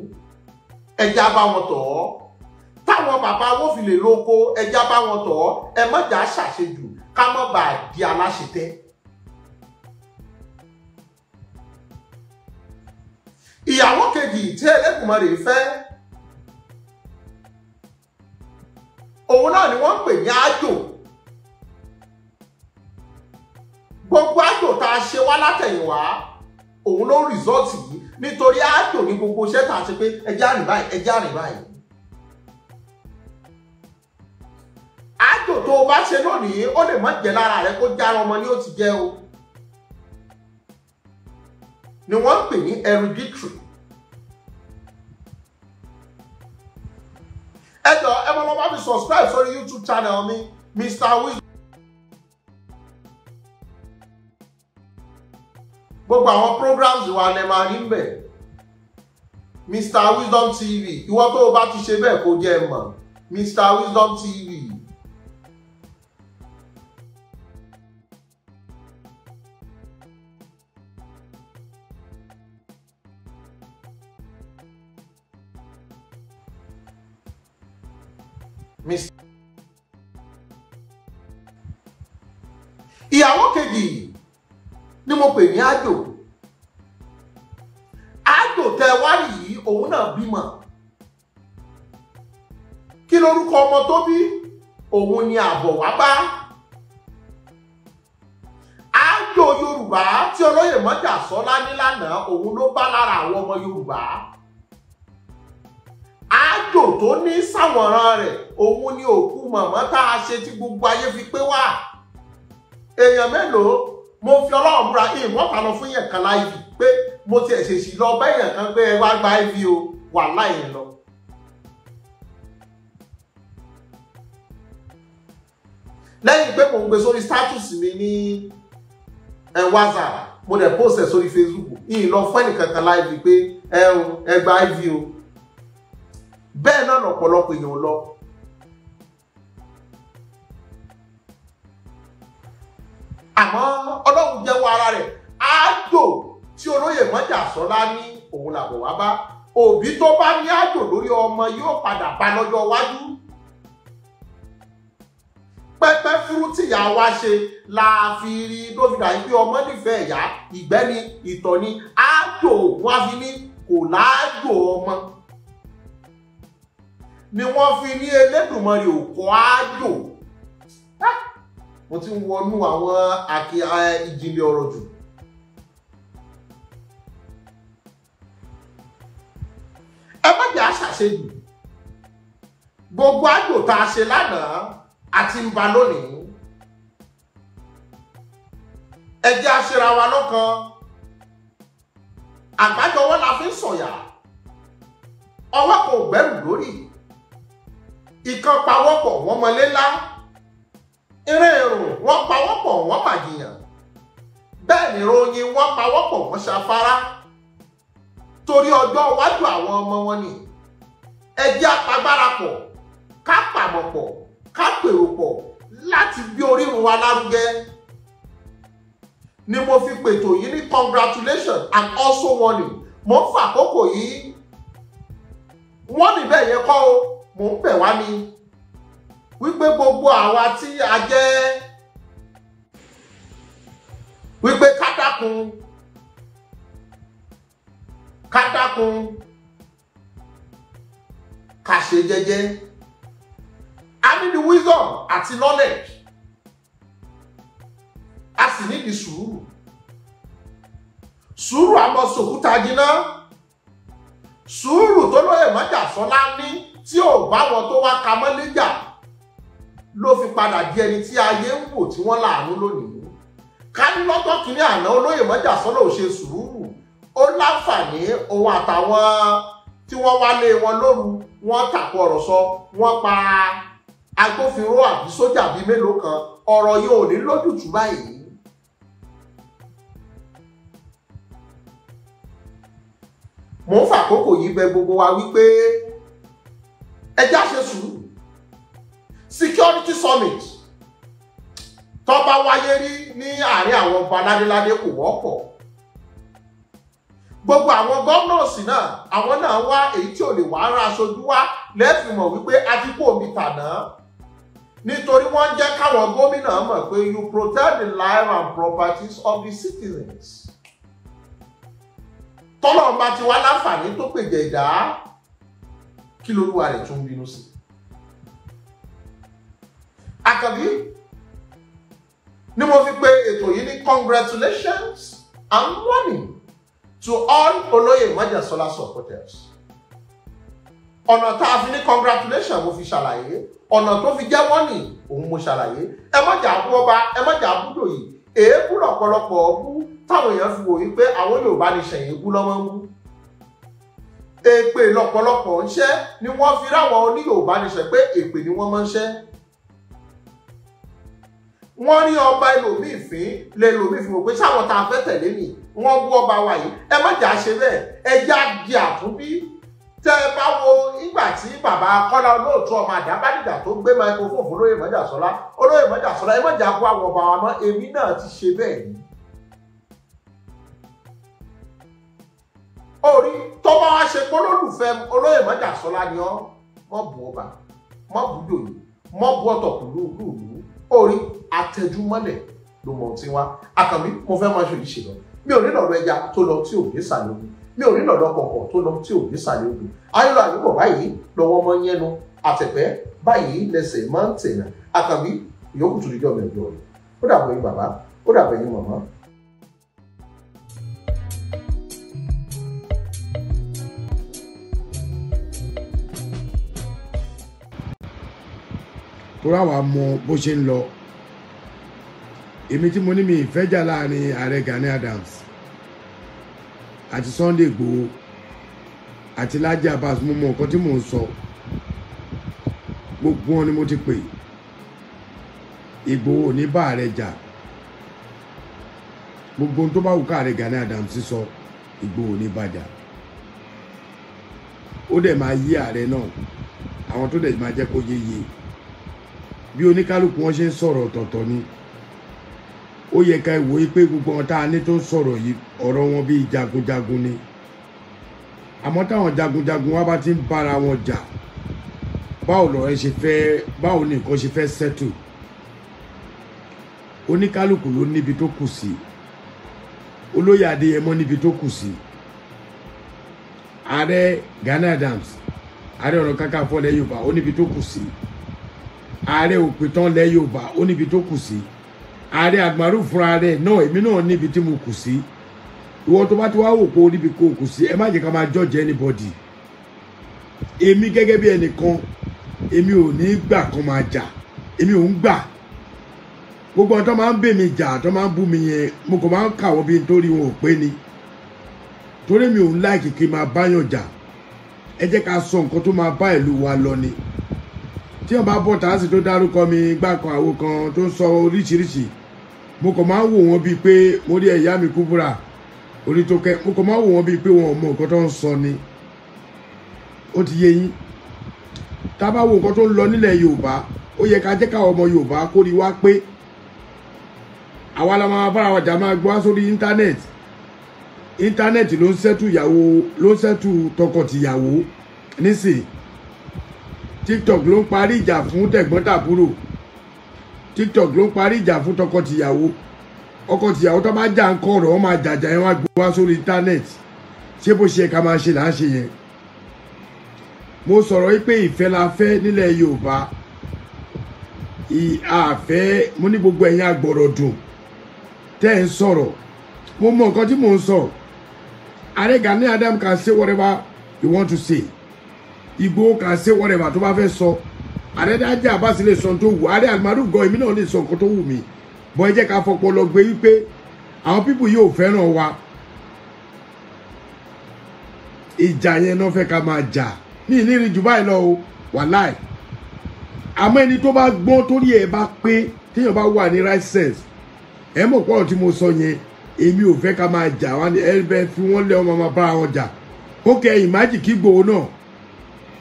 ẹja bá wọn tọ̀ ọ́ táwọn bàbá wọn fi lè roko ẹja bá wọn tọ̀ ọ́ ẹ mọ̀jà ṣàṣejù ká mọ̀ bá di aláṣetẹ́. ìyàwó kejì tí Ẹlẹ́dùmarè fẹ́ òun náà ni wọ́n ń pè ní àjò gbogbo àjò tá a ṣe wá látẹ̀yìnwá òun ló rìsọ́ọ̀tì yìí nítorí àjò ní gbogbo iṣẹ́ tá a ṣe pé ẹja rìn báyìí ẹja rìn báyìí tó o bá ṣe lónìí ó lè má jẹ́ lára rẹ kó jára ọmọ ni ó ti jẹ́ o ni wọ́n ń pè ní hereditary ẹ jọ ẹ máa lọ bá mi subscribe sórí YouTube channel mi Mr Wiz. gbogbo àwọn programs wa lè máa rí mbẹ̀ Mr Wisdom TV ìwọ tó o bá ti ṣe bẹ́ẹ̀ kó jẹ́ mọ̀ Mr Wisdom TV. ìyàwó kejì ni mo pè ní àjò àjò tẹ wárí yìí òun náà bímọ kí lorúkọ ọmọ tó bí òun ni àbọ̀ wá bá àjò yorùbá tí olóyè mọ́jà sọ́lá ní òun ló bá lára àwọn ọmọ yorùbá ájò tó ní sàwòrán rẹ̀ òun ni òkú mọ̀mọ́ tá a ṣe tí gbogbo ayé fi pé wá èèyàn mélòó mo fi ọlọ́run búra ìwọ́n kan lọ fún yẹn kan láì pé mo ti ẹ̀ṣẹ̀ sì lọ bá èèyàn kan pé ẹ wá gba iv o wà láyé lọ. lẹ́yìn pé mo ń gbé sórí status mi ní WhatsApp mo dẹ̀ post ẹ̀ sórí Facebook yìí lọ fún ẹnìkan kan láì pé ẹ gba iv o bẹ́ẹ̀ náà lọ̀pọ̀lọpọ̀ èèyàn lọ. àmọ́ ọlọ́run jẹ́wọ́ ara rẹ̀ ájò tí olóyè mọ́jà sọ́lá ní òun làbọ̀ wá bá òbí tó bá ní ájò lórí ọmọ yóò padà bá lọ́jọ́ iwájú pẹ́pẹ́ fúrú tìyá wa ṣe la fi rí dókítà yìí ọmọ nífẹ̀ẹ́ ìyá ìgbẹ́ ni ìtọ̀ ni ájò wọn fi ní kò láájò ọmọ ni wọ́n fi ní Elédùmarè òkò ájò mo ti ń wọnú àwọn àkè ìjìnlẹ̀ ọ̀rọ̀ jù. ẹ má jẹ́ àṣàṣejù gbogbo àjò tá a ṣe lánàá àti ń ba lónìí ẹ jẹ́ àṣẹra wa lọ́kan àgbájọ ọwọ́ la fi ń sọ̀yà ọwọ́ kan ò gbẹ́rù lórí ìkan pawọ́pọ̀ wọ́n mọlé ńlá irin ìrùn wọ́n pawọ́pọ̀ wọ́n màjìyàn bẹ́ẹ̀ ni ròyìn wọ́n pawọ́pọ̀ wọ́n ṣàfárá torí ọjọ́ iwájú àwọn ọmọ wọn ni ẹ jẹ́ ká pàmọ̀ ká pèrò pọ̀ láti gbé orírun wa lárugẹ ni mo fi pètò yìí ní congratulations and also warning mo ń fàkókò yìí wọ́n níbẹ̀ yẹn kọ́ o mò ń bẹ̀ wá ni wípé gbogbo àwa tí a jẹ́ wípé ká dákun ká dákun ká ṣe jẹ́jẹ́ a ní ní wisdom àti knowledge a sì ní ní sùúrù sùúrù àmọ́ sòkúta jiná sùúrù tó lóye mọ́jà sọ́lá ní tí ò bá wọn tó wá ka mọ́lé jà ló fi padà di ẹni tí ayé ń wò tí wọ́n láàánú lónìí ká ní lọ́tọ̀ kìíní àná olóyè mọ́jà sọ́nà ò ṣe sùúrù ó láǹfààní òun àtàwọn tí wọ́n wálé wọn lóru wọ́n tàkọ̀rọ̀sọ wọ́n pa agbófinró àbí sójà bíi mélòó kan ọ̀rọ̀ yìí ò ní lójútùú báyìí mo ń fàkókò yìí bẹ gbogbo wa wípé ẹjẹ́ àṣesù security summit tó bá wáyé rí ní àárín àwọn ọba ládéládé kò wọ́pọ̀ gbogbo àwọn gọ́ọ̀nọ̀sì náà àwọn náà wá èyí tí ò lè wá ara aṣojú wá lẹ́fìmọ̀ wípé a ti kó omi tàná nítorí wọ́n jẹ́ káwọn gómìnà mọ̀ pé you protect the lives and properties of the citizens tọ́lọ́run bá ti wá láǹfààní tó pèjẹ ìdá kí lolúwa rẹ̀ tún bínú sí. àkàbí ni mo fi pè ètò yìí ní congratulations and warning to all olóyè májàsọ́lá supporters. ọ̀nà tá a fi ní congratulations mo fi ṣàlàyé ọ̀nà tó fi jẹ́ warning òun mo ṣàlàyé ẹ má jà bú ọba ẹ má jà bú dòyè èébú lọ̀pọ̀lọpọ̀ ọbú táwọn èèyàn fi wò wípé àwọn Yorùbá ní sẹ̀yìn bú lọ́mọ́ ń bú èpè lọ́pọ̀lọpọ̀ ń ṣẹ́ ni wọ́n fi ráwọ̀ oní Yorùbá níṣẹ́ pé èpè ni wọ́n máa ń ṣẹ́ wọ́n rí ọba ẹlòmíì fín lè lòmíì fún òpin sáwọn tá a fẹ́ tẹ̀lé mi wọ́n bú ọba wa yìí ẹ má jà ṣe bẹ́ẹ̀ ẹ já di àtúnbí tẹ ẹ bá wo ìgbà tí bàbá Kọ́lá Olóòtú ọmọ àdábá dìgbà tó gbé microphone fún olóyè Mọ́jàsọ́lá olóyè Mọ́jàsọ́lá ẹ má jà kó àwọn ọba wa mọ́ orí tọ́ba wa ṣe pé olólùfẹ́ olóyè mọ́jà sọ́lá ni ọ́ mọ́ bu ọba mọ́ bu dòyìn mọ́ bu ọ̀tọ̀kùn lóòlù orí àtẹjúmọ́lẹ̀ ló mọ̀ tí wá àkànbí mo fẹ́ máa ṣe ìṣe lọ mi ò ní lọ́dọ̀ ẹja tó lọ tí ò ní sàlẹ̀ ogun mi ò ní lọ́dọ̀ kọ̀ọ̀kọ̀ tó lọ tí ò ní sàlẹ̀ ogun ayọ̀lọ̀ àdúgbò báyìí lọ́wọ́ mọ́ yẹnu àtẹ̀pẹ́ báyìí lẹ́sẹ̀ máa ń tẹ̀yàn àkànbí ìyókù tó dijọ́ mi ò jọ rẹ̀ ó dàbọ̀ yín bàbá ó dàbọ̀ yín màmá torí àwa mọ bó ṣe ń lọ èmi tí mo ní mi ìfẹ́jà láàrin ààrẹ Gani Adams àti Sunday Igboho àti Laji Abbas mo mọ nǹkan tí mò ń sọ gbogbo wọn ni mo ti pè Igboho ní bá ààrẹ jà gbogbo tó bá wù ká ààrẹ Gani Adams sọ Igboho ní bàjà ó dẹ̀ máa yí ààrẹ náà àwọn tó dẹ̀ máa jẹ́ kó yéye. Ye bí oníkálukú wọn ṣe ń sọ̀rọ̀ ọ̀tọ̀ọ̀tọ̀ ni ó yẹ ká ìwòye pé gbogbo wọn tá a ní tó ń sọ̀rọ̀ yìí ọ̀rọ̀ wọn bíi jagunjagun ni àmọ́ táwọn jagunjagun wa bá ti ń bára wọn jà báwo lọ̀rọ̀ ṣe fẹ́ báwo ni nǹkan ṣe fẹ́ sẹ́tù oníkálukú ló níbi tó kù sí olóyè adéyẹmọ níbi tó kù sí ààrẹ Gani Adams ààrẹ ọ̀nà kakanfò ilẹ̀ yorùbá ó níbi tó kù sí ààrẹ òpìtàn lẹ yorùbá ó níbi tó kù sí ààrẹ àgbàrú fúnra rẹ náà èmi náà níbi tí mo kù sí ìwọ tó bá ti wá wò pé oníbi kò kù sí ẹ má jẹ́ ká máa judge anybody èmi gẹ́gẹ́ bí ẹnìkan èmi ò ní gbà kan máa jà èmi ò ń gbà gbogbo ọ̀tọ́ máa ń bè mí jà ọ̀tọ́ máa ń bú mi yẹn mo kàn máa ń kà wọ́n bí nítorí wọn ò pé ni torí mi ò ń láìkì kí máa báyàn jà ẹ jẹ́ ká sọ nǹkan tó máa bá ìlú wa lọ ni tí wọn bá bọ̀ tàásì tó dárúkọ mi gbà kan àwo kan tó ń sọ oríṣiríṣi mo kàn máa ń wò wọ́n bíi pé mo rí ẹ̀yà mi kúbúrà orí tó kẹ́ mo kàn máa ń wò wọ́n bíi pé wọn ò mọ nǹkan tó ń sọ ni ó ti yé yín tá a bá wo nǹkan tó ń lọ nílẹ̀ Yorùbá ó yẹ ká jẹ́ káwọn ọmọ Yorùbá kó rí wá pé àwa la máa bára wàjà máa gbọ́ sórí íńtánẹ́ẹ̀tì íńtánẹ́ẹ̀tì ló ń ṣẹ́tù ìyàwó ló ń ṣẹ́tù tọkọtìyàwó nísìnyí tiktok ló ń parí ìjà fún tẹ̀gbọ́n tiktok ló ń parí ìjà fún tọkọ-tìyàwó ọkọ-tìyàwó tó bá jà ń ọ̀rọ̀ wọn máa jàjà yẹn wá gbé wá sórí internet ṣé bó ṣe ká máa ṣe là ń ṣe yẹn mo sọ̀rọ̀ yìí pé ìfẹ́ la fẹ́ nílẹ̀ yorùbá àfẹ́ mo ní gbogbo ẹ̀yin agbọ̀rọ̀ dùn tẹ́ ẹ̀ ń sọ̀rọ̀ mo mọ nǹkan tí mò ń sọ Ààrẹ Gani Adam can say whatever you want to say. Igboho kase say whatever tó bá fẹ́ sọ àdẹ́dájẹ́ àbáṣe lè sọ tó wù àdé àlùmárù gan èmi náà lè sọ nǹkan tó wù mí bọ́ ẹ jẹ́ ká fọpọ́ lọ gbé wípé àwọn pípù yóò fẹ́ràn wa ìjà yẹn náà fẹ́ ká máa jà ní ìnírin jù báyìí lọ o wàláì àmọ́ ẹni tó bá gbọ́n torí ẹ̀ bá pé téèyàn bá wà ní right sense ẹ mọ̀ pọ́n tí mo sọ yẹn èmi ò fẹ́ ká máa jà ẹ fi wọ́n lé ọmọ máa bára wọn jà ó kẹ́ ìmájì kí Igboho náà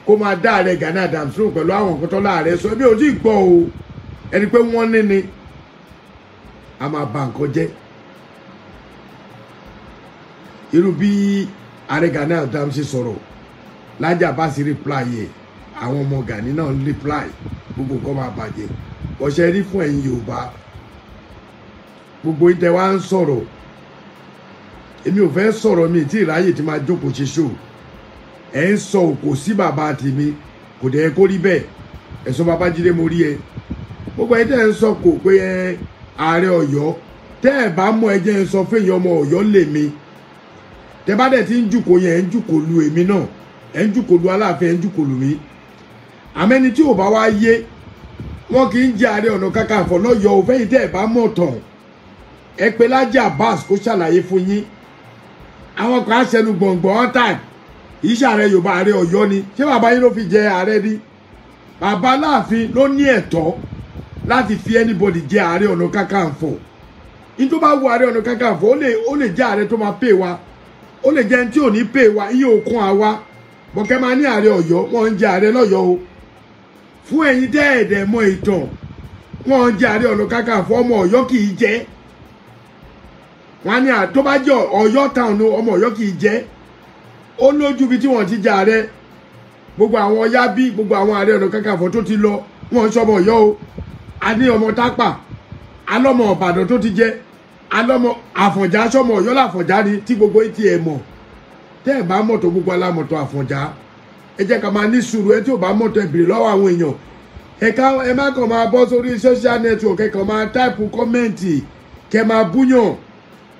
kó máa dá ààrẹ Gani Adams rò pẹ̀lú àwọn nǹkan tó láàrẹ sọ ẹbí ò tí ì gbọ́ o ẹni pé wọ́n ní ni a máa ba nǹkan jẹ́ irú bí ààrẹ Gani Adams ṣe sọ̀rọ̀ Laji Abbas reply yẹ àwọn ọmọ Gani náà ń reply gbogbo nǹkan máa bàjẹ́ ọ̀sẹ̀ rí fún ẹ̀yin Yorùbá gbogbo ìtẹ̀ wa ń sọ̀rọ̀ èmi ò fẹ́ sọ̀rọ̀ mi tí ìráyè ti máa jókòó ṣe ṣòó ẹ̀ ń sọ òkò sí bàbá tèmi kò dẹ̀ kó rí bẹ́ẹ̀ ẹ̀ sọ Babájídé mo rí ẹ gbogbo ẹ̀ tẹ́ ń sọ kò pé ẹ ààrẹ Ọ̀yọ́ tẹ́ ẹ̀ bá mọ̀ ẹ jẹ́ ń sọ fẹ́yìn ọmọ Ọ̀yọ́ lèmi tẹ́ bá dẹ̀ ti ń jùkò yẹn ẹ̀ ń jùkò lu èmi náà ẹ̀ ń jùkò lu Aláàfin ẹ̀ ń jùkò lu mi àmẹ́ni tí ò bá wá yé wọn kì í jẹ Ààrẹ Ọ̀nà Kakanfò lọ́yọ̀ọ́ fẹ́yìn tẹ́ ẹ̀ bá mọ̀ tán ẹ pé Lájì Abbas kó ṣàlàyé fún yín àwọn kan á ṣẹnu gbọ̀ngbọ̀n ọ́tàkì ìṣe ààrẹ yorùbá ààrẹ ọ̀yọ́ ni ṣé bàbá yín ló fi jẹ ààrẹ ni bàbá aláàfin ló ní ẹ̀tọ́ láti fi anybody jẹ ààrẹ ọ̀nà kakanfò ní tó bá wo ààrẹ ọ̀nà kakanfò ó lè ó lè jẹ ààrẹ tó máa pè wá ó lè jẹ ẹni tí ò ní pè wá iye òkun àwa bọ̀kẹ́ máa ní ààrẹ ọ̀yọ́ wọ́n ń jẹ ààrẹ lọ́yọ́ o fún ẹ̀yin dẹ́ẹ̀dẹ̀ mọ ìtàn wọ́n ń jẹ ààrẹ ọ̀nà kakanfò ọmọ ọ̀yọ́ kì í jẹ wọ́n á ní àtọ́bájọ́ ọ̀yọ́ táwọn ọmọ ọ̀yọ́ kì í jẹ́ ó lójú ibi tí wọ́n ti jà rẹ gbogbo àwọn yábí gbogbo àwọn ààrẹ ọ̀nà kakanfò tó ti lọ wọ́n sọmọ ọ̀yọ́ o a ní ọmọ tápà alọ́mọ ọ̀bàdàn tó ti jẹ alọ́mọ àfọ̀njá sọmọ ọ̀yọ́ làfọ̀njá ni tí gbogbo etí ẹ̀ mọ̀ tẹ́ ẹ̀ bá mọ̀tò gbogbo alámọ̀tò àfọ̀njá ẹ jẹ́ ká máa ní sùúrù ẹ tí ò bá mọ̀tò ẹ bèrè lọ́wọ́ àwọn èèyàn ẹ ká ẹ má kàn máa bọ́ sórí social network ẹ kàn máa táìpù kọ́mẹ́ǹtì kẹ máa búyàn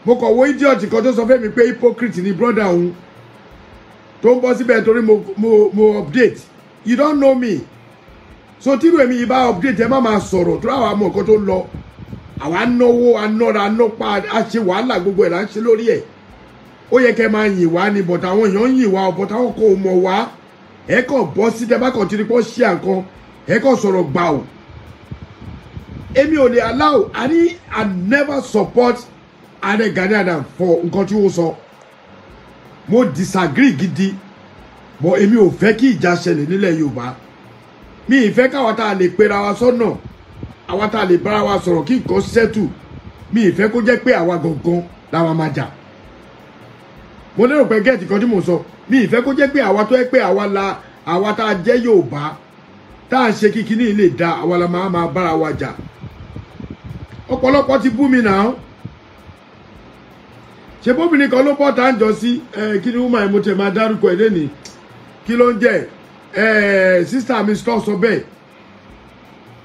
mo kàn wọ idiot kan tó sọ fẹ́mi pé hypocrite ni brother òun tó ń bọ́ síbẹ̀ torí mo update you don't know me so tírú èmi yìí bá update ẹ má máa sọ̀rọ̀ tó àwọn amọ̀ nǹkan tó ń lọ àwa náwó anára anápa àṣe wàhálà gbogbo ẹ̀ là ń ṣe lórí ẹ̀ ó yẹ kẹ́ máa yìn wá ni bọ̀tà àwọn èèyàn ń yìn wá ọ̀ bọ̀tà àwọn kò mọ̀ wá ẹ kàn bọ́ sí tẹ́ bá kàn ti rí pọ́ ṣí àǹkan ẹ kàn sọ̀rọ̀ gbà ò èmi ò lè allow I never support Ààrẹ Gani Adams for nǹkan tí ó sọ. So mo disagree gidi bọ̀ èmi ò fẹ́ kí ìjà ṣẹlẹ̀ nílẹ̀ yorùbá mi ì fẹ́ káwa tá a lè pera wa sọ́nà àwa tá a lè wa sọ̀rọ̀ kí nǹkan ṣẹ́tù mi ì fẹ́ kó jẹ́ pé àwa gangan làwa máa jà mo lérò pé gẹ́ẹ̀tì kan tí mo sọ mi ì fẹ́ kó jẹ́ pé àwa tó yẹ pé àwa la àwa tá a jẹ́ yorùbá tá a ṣe kíkiní ilé da àwa la máa máa bára wa jà ọ̀pọ̀lọpọ̀ ti bú mi náà ṣe bóbìnrin kan ló bọ́ tá à ń jọ sí kí ni woman mo tẹ̀ máa dárúkọ ẹ̀ lẹ́nìí kí ló ń jẹ́ sísá mi stọ́ sọ bẹ́ẹ̀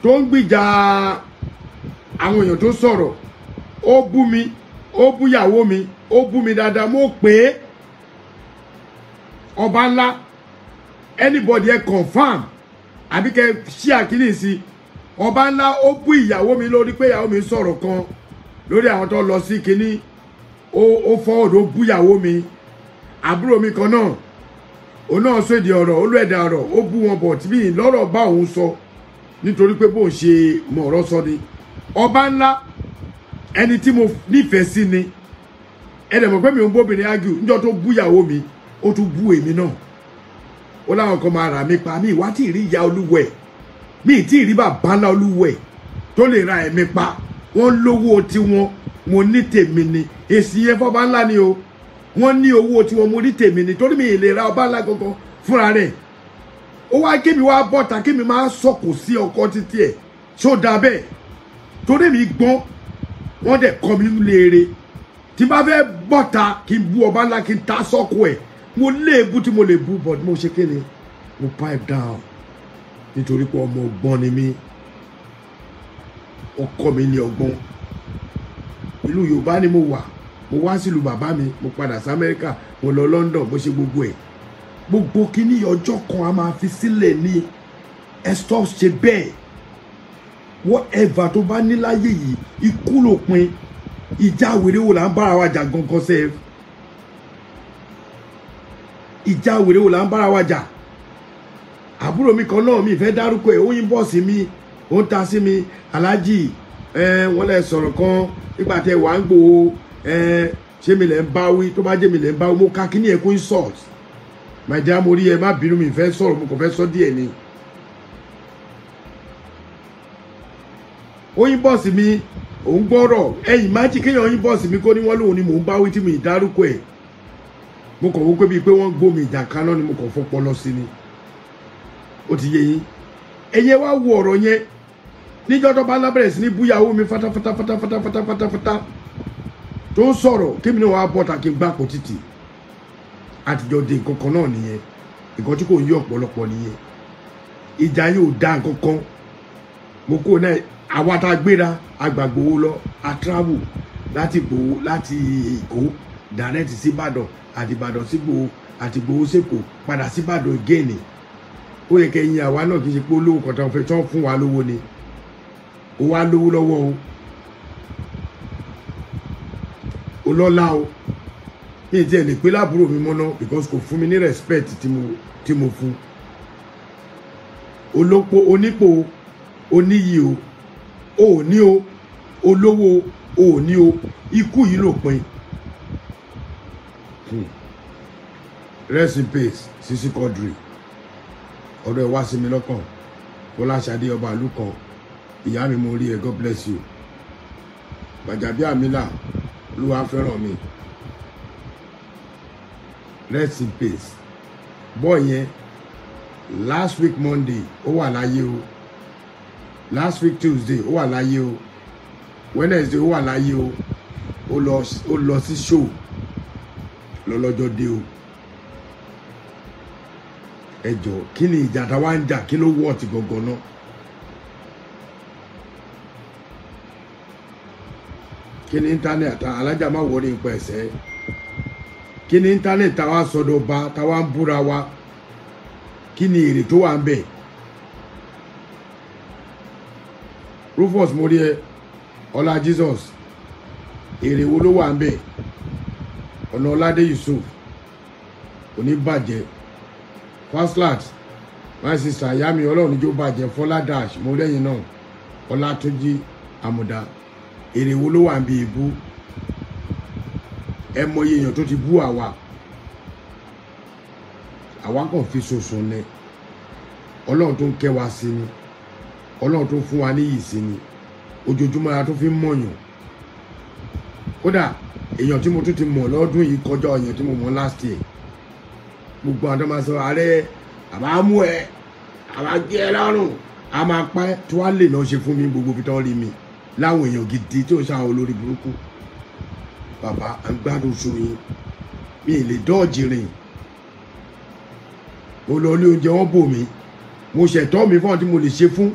tó ń gbìjà àwọn èèyàn tó sọ̀rọ̀ ó bú mi ó bú ìyàwó mi ó bú mi dáadáa mo pè é ọba ńlá anybody ẹ confam àbí kẹ ṣí àkíní sí ọba ńlá ó bú ìyàwó mi lórí pé ìyàwó mi sọ̀rọ̀ kan lórí àwọn tó lọ sí kínní ó fọwọ́d ó búyàwó mi àbúrò mi kan náà òun náà sọ èdè ọ̀rọ̀ olóẹ̀dà ọ̀rọ̀ ó bú wọn bọ̀ tí bíi lọ́rọ̀ bá òun sọ nítorí pé bóun ṣe mọ̀ sọ ni ọba ńlá ẹni tí mo nífẹ̀ẹ́ sí ni ẹ̀dẹ̀ mọ̀ pé mi ò ń bóbìnrin ágil níjọ́ tó búyàwó mi ó tún bú èmi náà ó láwọn kan máa rà mí pa mi ìwá tí ì rí ìyá olúwẹ̀ mi ì tí ì rí bàbá ńlá olúwẹ̀ tó lè ra ẹ̀mí pa wọ́n lówó tiwọn mo ní tèmi ni èsì yẹn fọba ńlá ni o wọ́n ní owó tí wọ́n mú rí tèmi nítorí mi ìlera ọba ńlá gangan fúnra rẹ̀ ó wá kémi wá bọ́ta kémi máa sọ̀kò sí ọkọ títí ẹ̀ ṣó da bẹ́ẹ̀ torí mi gbọ́n wọ́n dẹ̀ kọ́ mi léere tí bá fẹ́ bọ́ta kí n bu ọba ńlá kí n ta sọ́kò ẹ̀ mo léèbú tí mo lè bu bọ̀ mo ṣe kéde mo pipe down nítorí pé ọmọ ọgbọ́n ni mí ọkọ mi ní ọgbọ́n ìlú Yorùbá ni mo wà mo wá sílùú bàbá mi mo padà sí amẹ́ríkà mo lọ london mo ṣe gbogbo ẹ̀ gbogbo kíní ọjọ́ kan a máa fi sílẹ̀ ní estop ṣe bẹ́ẹ̀ whatever tó bá ní láyé yìí ikú lòpin ìjà wèrè wo là ń bára wa jà gangan sẹ́ẹ̀ ìjà wèrè wo là ń bára wa jà àbúrò mi kan náà mi fẹ́ dárúkọ ẹ̀ ó yín bọ́ọ̀sì mi ó ń ta sí mi aláàjì ẹ wọ́n lẹ sọ̀rọ̀ kan nígbà tẹ wàá ń gbòó ẹ ṣé mi lẹ̀ ń bá tó bá jẹ́ mi lẹ̀ ń bá mo ka kí ni ẹ kó insult my dear mo rí ẹ má bínú mi fẹ́ sọ̀rọ̀ mo kàn fẹ́ sọ díẹ̀ ni. oyin bọ́ọ̀sì mi òun gbọ́rọ̀ ẹ̀yìn májì kéèyàn oyin bọ́ọ̀sì mi kó ní wọ́n lòun ni mò ń bá wí tí mi ì dárúkọ ẹ̀ mo kàn wọ́n pé bíi pé wọ́n gbómi ìjà kaná ni mo kàn fọpọlọ sí ni ó ti yé yín ẹ̀yẹ wá wo ọ̀rọ̀ yẹn níjọ́ tó bá lábẹ́rẹ̀ sí ní búyàwó mi fátáfátáfátáfátáfátáfátá tó ń sọ̀rọ̀ kémi náà wàá bọ́ta kí n gbá àpótí tì àtijọ́ de nǹkan kan náà nìyẹn nǹkan tí kò yí ọ̀pọ̀lọpọ̀ nìyẹn ìjà yóò dá nǹkan kan mo kó náà àwa tá a gbéra agbàgbowó lọ a travel láti gbowó láti èkó direct sí ìbàdàn àti ìbàdàn sí gbowó àti gbowó sèkó padà sí ìbàdàn again ó yẹ kẹ́yìn àwa náà kì í ṣe pé olówó kan tó ń fẹ́ fún wa lówó ni ó wá lówó lọ́wọ́ o. ọlọ́lá o mi tiẹ̀ lè pé láàbúrò mi mọ́ná because kò fún mi ní respect tí mo tí mo fún olópo onípò oníyì o òní o olówó òní o ikú yìí ló pin hmm. rest in peace Sisi Quadri ọ̀dọ̀ ẹ̀ wá sí mi lọ́kàn Fọláṣadé ọba ìlú kan ìyá mi mo rí ẹ God bless you Gbàjàbí Àmìlà olúwa fẹ́ràn mi rest in peace bọ́ọ̀ yẹn last week monday ó wà láyé o last week tuesday ó wà láyé o wednesday ó wà láyé o ó lọ sí show lọ́lọ́jọ́ dé o ẹ jọ kí ni ìjà tá wa ń jà kí ló wọ̀ ọ́ ti gangan náà. kí ni íńtánẹ̀tì àtà alájà má wọlé ipa ẹ̀sẹ̀ kí ni íńtánẹ̀tì táwa sọ̀dọ̀ ba táwa ń búra wa kí ni èrè tó wà ń bẹ̀. Rufus Morie ọlá Jesus èrè wo ló wà ń bẹ̀ ọ̀nà ọládé Yusuf oníbàjẹ́ faslat my sister yami mi ọlọ́run níjó bàjẹ́ fọlá dash mo lẹ́yìn náà ọlátúnjí àmúdá èrè wo ló wà ń bi ìbú ẹ mọye èèyàn tó ti bú àwa àwa kàn fi ṣoṣo ni ọlọ́run tó ń kẹ́ wa sí ni ọlọ́run tó ń fún wa níyì sí ni ojoojúmọ́ ara tó fi ń mọ̀yàn kódà èèyàn tí mo tún ti mọ̀ lọ́dún yìí kọjá èèyàn tí mo mọ̀ last year gbogbo àwọn tó máa sọ ààrẹ àbá mú ẹ àbá gé ẹ lọ́rùn a máa tí wàá lè lọ ṣe fún mi gbogbo fi tán rí mi láwọn èèyàn gidi tí ò ń ṣe àwọn olórí burúkú bàbá à ń gbádùn oṣù yín mi ì lè dọ́ọ̀jì rìn mo lọ ilé oúnjẹ wọn bò mí mo ṣẹ̀tọ́ mi fún ọ tí mo lè ṣe fún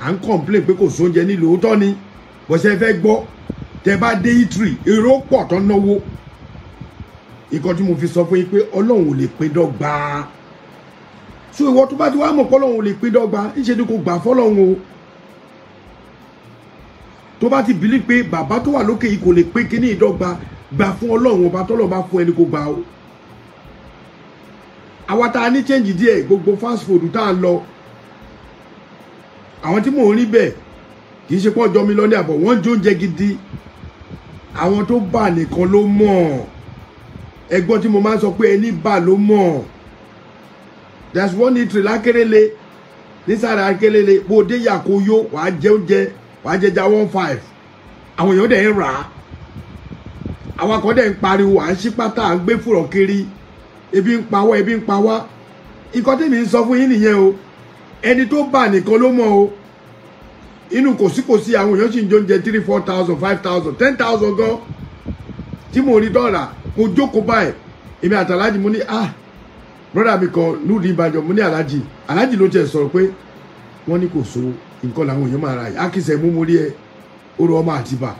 à ń complain pé kò sóúnjẹ nílò òótọ́ ni bọ́sẹ̀ fẹ́ gbọ́ tẹ bá dé itri e èrò pọ̀ tó náwó ìkan tí mo fi sọ fún yín pé ọlọ́run ò lè pé dọ́gba so ìwọ tó bá ti wá mọ̀ pé ọlọ́run ò lè pé dọ́gba ìṣèdí kò gbà fọlọ́run o tó bá ti bìlí pé bàbá tó wà lókè yìí kò lè pé kíní ìdọ́gba gbà fún ọlọ́run ọba tọ́lọ́ bá fún ẹni kò gbà o àwa tá a ní change díẹ̀ gbogbo fast food tá a lọ àwọn tí mò ń rí bẹ́ẹ̀ kì í ṣe pọ́ jọ mi lọ ní àbọ̀ wọ́n jó oúnjẹ gidi àwọn tó bà nìkan ló mọ̀ ẹgbọ́n tí mo máa ń sọ pé ẹni bà ló mọ̀ that's one little lákérélé nísàlẹ̀ akérélé bó o dé yà kó yó wàá jẹ oúnjẹ wàá jẹjà one five àwọn èèyàn dẹ̀ ń rà á àwọn akọ́ dẹ̀ ń pariwo à ń ṣí pátá à ń gbé fùrọ̀ kiri ebi ń pawá ebi ń pawá ikọ́ tèmi ń sọ fún yín nìyẹn o ẹni tó bà nìkan ló mọ̀ o inú kòsíkòsí àwọn èèyàn sì ń jóúnjẹ three four thousand five thousand ten thousand gan tí mo rí dọ́là mo jókòó báyìí èmi àtàlájì mo ní ah brother mi kan lùdí ìbàdàn mo ní alájì alájì ló tiẹ̀ sọ̀rọ̀ pé wọ́n ní kò sówó nǹkan làwọn èèyàn máa ra yìí akínsẹ̀ múmúrí ẹ oró ọmọ àtibá.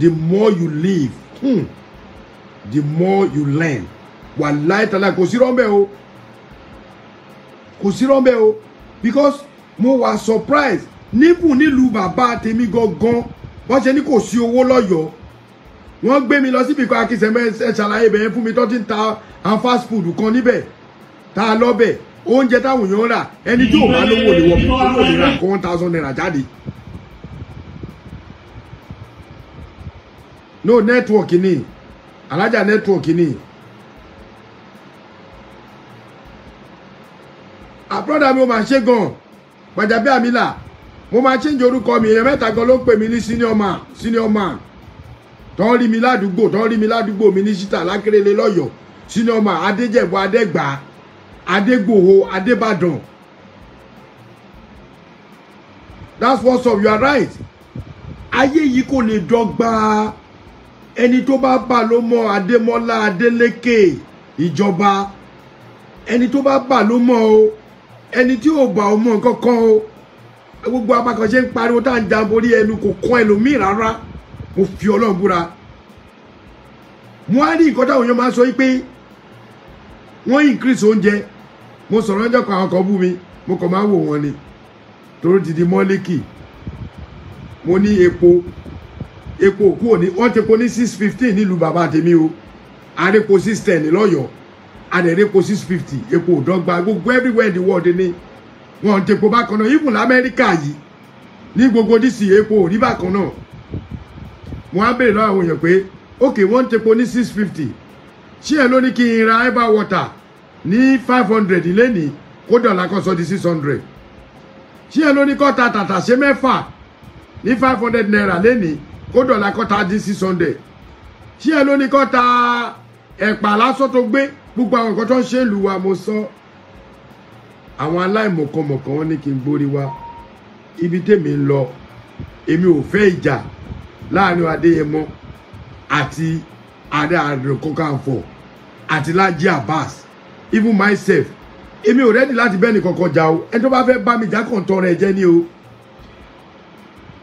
the more you live hmm, the more you learn wàláì tàlà kò sí rọ́ńbẹ́ o kò sí rọ́ńbẹ́ o because mo wà surprise níbù nílùú bàbá tèmi gangan wọ́n ṣe ní kò sí owó lọ́yọ̀ọ́ wọ́n gbé mi lọ síbi kan akínsẹ̀ mẹ́ ẹ ṣàlàyé bẹ́ẹ̀ fún mi tó ń ta um, fast food kan níbẹ̀ tá a lọ́bẹ̀ oúnjẹ táwọn èèyàn rà ẹni tí ò bá lówó lè wọbẹ̀ kó lè ra one thousand naira jáde. no network ni alájà network ni. àbúrọ̀dà ah, mi ò máa ṣe gan-an gbàjàbí àmìlà mo máa change orúkọ mi èèyàn mẹ́ta gan ló ń pè mí ní senior man senior man tọ́ rí mi ládùúgbò tọ́ rí mi ládùúgbò mi ní ṣítà lákérèlé lọ́yọ̀ọ́ senior man adéjẹ̀bọ adẹ́gbàá Adegboho Adebadon. That's what's up. You are right. Ayé yìí kò lè dọ́gba ẹni tó bá bà ló mọ Adémọ́lá Adélékè ìjọba ẹni tó bá bà ló mọ o ẹni tí ò bà ó mọ nǹkan kan o gbogbo abakànṣe ń pariwo tá à ń jamborí ẹnu kò kọ́ ẹlòmíì rárá mo fi Ọlọ́run búra mo nǹkan táwọn èèyàn máa ń sọ yìí pé wọ́n increase oúnjẹ mo sọ̀rọ̀ ẹjọ́ kan àwọn kan bú mi mo kàn máa ń wò wọ́n ni torí ti di mọ́líkì mo ní epo epo òkú òní wọ́n ti po ní six fifteen nílùú bàbá tèmi o àdèpo six ten lọ́yọ̀ọ́ àdèpo six fifty epo ò dọ́gba gbogbo everywhere in the world ni wọn ti po bákan náà even lamẹ́ríkà yìí ní gbogbo dc epo ò rí bákan náà mo á béèrè lọ́wọ́ àwọn èèyàn pé ok wọ́n ti po ní six fifty ṣé ẹ ló ní kí n ra eba water ní five hundred lẹ́nìí kó dọ̀là kan sọ di six hundred ṣé ẹ ló ní kọ́ ta tàtà ṣe mẹ́fà ní five hundred naira lẹ́nìí kó dọ̀là kan ta di six hundred ṣé ẹ ló ní kọ́ ta ẹ̀pà lásán tó gbé gbogbo àwọn nǹkan tó ń ṣe lù wá mo sọ àwọn aláìmọ̀kànmọ̀kàn wọn ní kí n gbórí wa ibi tèmi ń lọ èmi ò fẹ́ ìjà láàrin Adéyẹmọ àti Ààrẹ Ọ̀nà àti Laji Abbas even myself èmi ò rẹ́ni láti bẹ́ẹ̀ nìkankan jà o ẹni tó bá fẹ́ bá mi jà kàn tọrọ ẹ ni o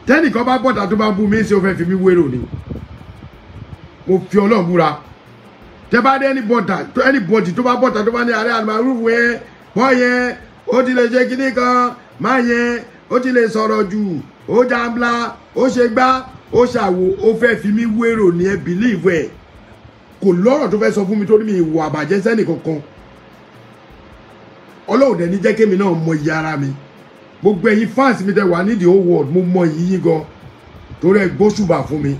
tẹ́nìkan bá bọ̀dà tó bá bú mi ṣe o fẹ́ fi mi wérò ni mo fi ọlọ́run búra tẹ́ bá dé ẹni bọ̀dà ẹni bọ̀dì tó bá bọ̀dà tó bá ní ààrẹ àlùmárùfù yẹn bọ́ yẹn ó ti lè ṣe kinní kan má yẹn ó ti lè sọ̀rọ̀ jù ó jàǹbla ó ṣe gbá ó ṣàwò ó fẹ́ fi mi wérò ni ẹ bìlíìfù ẹ kò lọ́rọ̀ tó fẹ́ sọ fún mi torí mi ìwà àbàjẹ́ sẹ́nìkankan ọlọ́run dẹ̀ ní jẹ́ kémi náà mọ iye ara mi gbogbo ẹ̀yin fans mi tẹ́ wà ní the whole world mo mọ ìyí gan torí ẹ gbóṣùbà fún mi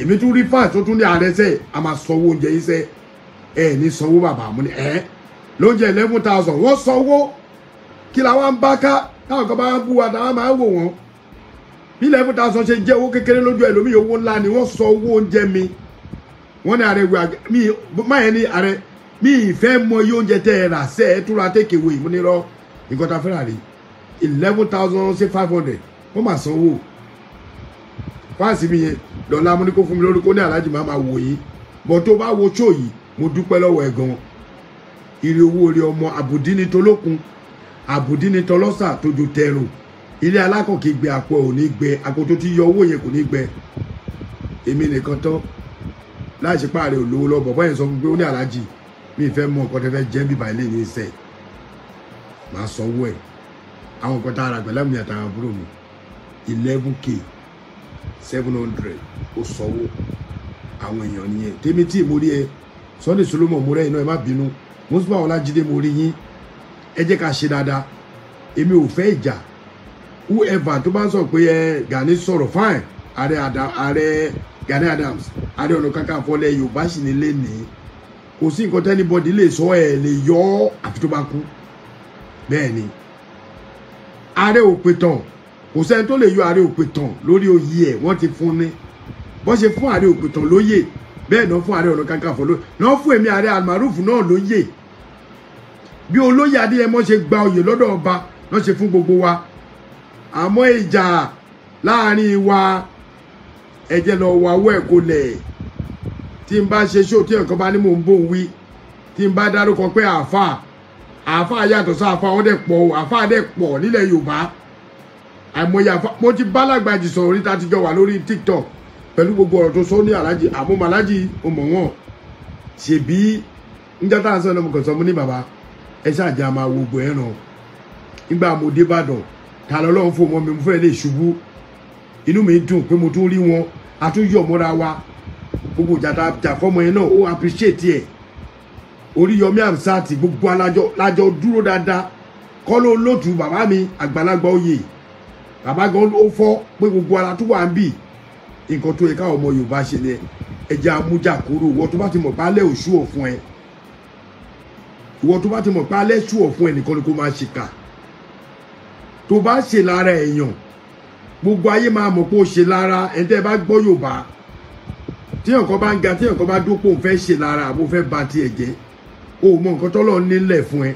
èmi tún rí fans tó tún ní ààrẹ sẹ́ a máa sanwó oúnjẹ yìí sẹ́ ẹ ní sanwó bàbá mo ní ẹ lóúnjẹ eleven thousand wọ́n sanwó kí la wá ń bá ká táwọn kan bá ń bú wa táwọn máa ń wò wọ́n bí eleven thousand ṣe jẹ́ owó kékeré lójú ẹlòmíì owó ńlá ni wọ́n sanwó oúnjẹ mi wọ́n ní ààrẹ wíwá mi máyẹn ní ààrẹ mi ìfẹ́ mọ iye oúnjẹ tẹ́ ẹ rà sẹ́ ẹ túra take away ìmúnirọ́ nǹkan ta fẹ́ràn rè eleven thousand sí five hundred wọ́n mà sanwó fáàsì mi yẹn lọ́la mo ní kó fún mi lórúkọ ní aláàjì máa ma wò yín bọ́ tó bá wo ṣó yìí mo dúpẹ́ lọ́wọ́ ẹ̀ gan-an ire owó rẹ ọmọ àbùdí ni tolókun àbùdí ni tọlọ́sà tójú tẹrù ilé alákọ̀ọ́kì gbẹ àpò ò ní gbẹ àpò tó ti yọ owó yẹn kò ní gbẹ èmi nìkan tán láì ṣe páàrẹ̀ òlówó lọ bọ̀ sọ fún pé ó ní aláàjì mi fẹ́ mọ nǹkan tó fẹ́ jẹ́ bíbá ilé ní sẹ́ màá sanwó ẹ̀ àwọn nǹkan tá a rà pẹ̀lú àmì àtàwọn àbúrò mi eleven k seven hundred ó sanwó àwọn èèyàn nìyẹn tèmi tí mo rí ẹ Sunday Solomon mo rẹ iná ẹ má bínú mùsùlùmí àwọn Ọlájídé mo rí yín ẹ jẹ́ ká ṣe dáadáa èmi ò fẹ́ ìjà whoever tó bá ń sọ pé ẹ Gani sọ̀rọ̀ fine ààrẹ Gani Adams ààrẹ ọ̀nà kakanfò lẹ Yorùbá sì nílé nìyí kò sí nǹkan tẹ́nibọ́dì lè sọ ẹ̀ lè yọ ọ́ àfi tó bá kú bẹ́ẹ̀ ni ààrẹ ò pé tán kò sẹ́ni tó lè yọ ààrẹ ò pé tán lórí oyè ẹ̀ wọ́n ti fún ni bọ́n ṣe fún ààrẹ ò pé tán lóyè bẹ́ẹ̀ náà fún ààrẹ ọ̀nà kakanfò lóyè náà fún èmi ààrẹ almaruf náà lóyè bí olóyè adéyẹmọ ṣe gba oyè lọ́dọ̀ ọba náà ṣe fún gbogbo wa àmọ́ ìjà láàrin wa ẹ̀jẹ̀ lọ wà ẹ̀ kó lẹ̀ tí n bá ṣe ṣó tí nǹkan bá ní mò ń bò ń wí tí n bá dárúkọ pé àáfàá àáfàá yàtọ̀ sí àáfàá wọn dẹ̀ pọ̀ o àáfàá dẹ̀ pọ̀ nílẹ̀ Yorùbá àìmọye àáfàá mo ti bá Lágbàjì sọ̀rọ̀ níta ti jọ wà lórí TikTok pẹ̀lú gbogbo ọ̀rọ̀ tó sọ ní aláàjì àmúmọ̀ aláàjì ọmọ wọn ṣèbí níjọ́ tá à ń sọ lọ́mọ kọ̀sọ́ mú ní bàbá ẹ ṣáàjà máa wo gbọ̀ ẹ̀ràn nígbà mo dé Ìbàdàn ta lọ́lọ́run fún ọmọ mi mo fẹ́ lè ṣubú inú mi dùn pé mo tún rí wọn a wa gbogbo ìjà tá a jà fọ́mọ yẹn náà ó appreciate ẹ̀ Oríyọmí Hamzat gbogbo alájọ lájọ dúró dáadáa kọ́ ló lótú bàbá mi àgbàlagbà oyè bàbá gan ó fọ́ pé gbogbo ara tó wà ń bì nǹkan tó yẹ káwọn ọmọ Yorùbá ṣe ni ẹja amújà kúrò wọ́n tó bá ti mọ̀ baálé òṣù ọ̀fun ẹ̀ ìwọ tó bá ti mọ̀ baálé òṣù ọ̀fun ẹ̀ nìkan ni kò máa ṣèkà tó bá ṣe lára èèyàn gbogbo ayé máa mọ̀ pé ó ṣe lára ẹ̀ ń tẹ́ bá gbọ́ Yorùbá tí nǹkan bá ń ga tí nǹkan bá dúpọ̀ òun fẹ́ ṣe lára àbò fẹ́ ba tiẹ̀ jẹ́ o mọ nǹkan tọ́lọ́ nílẹ̀ fún ẹ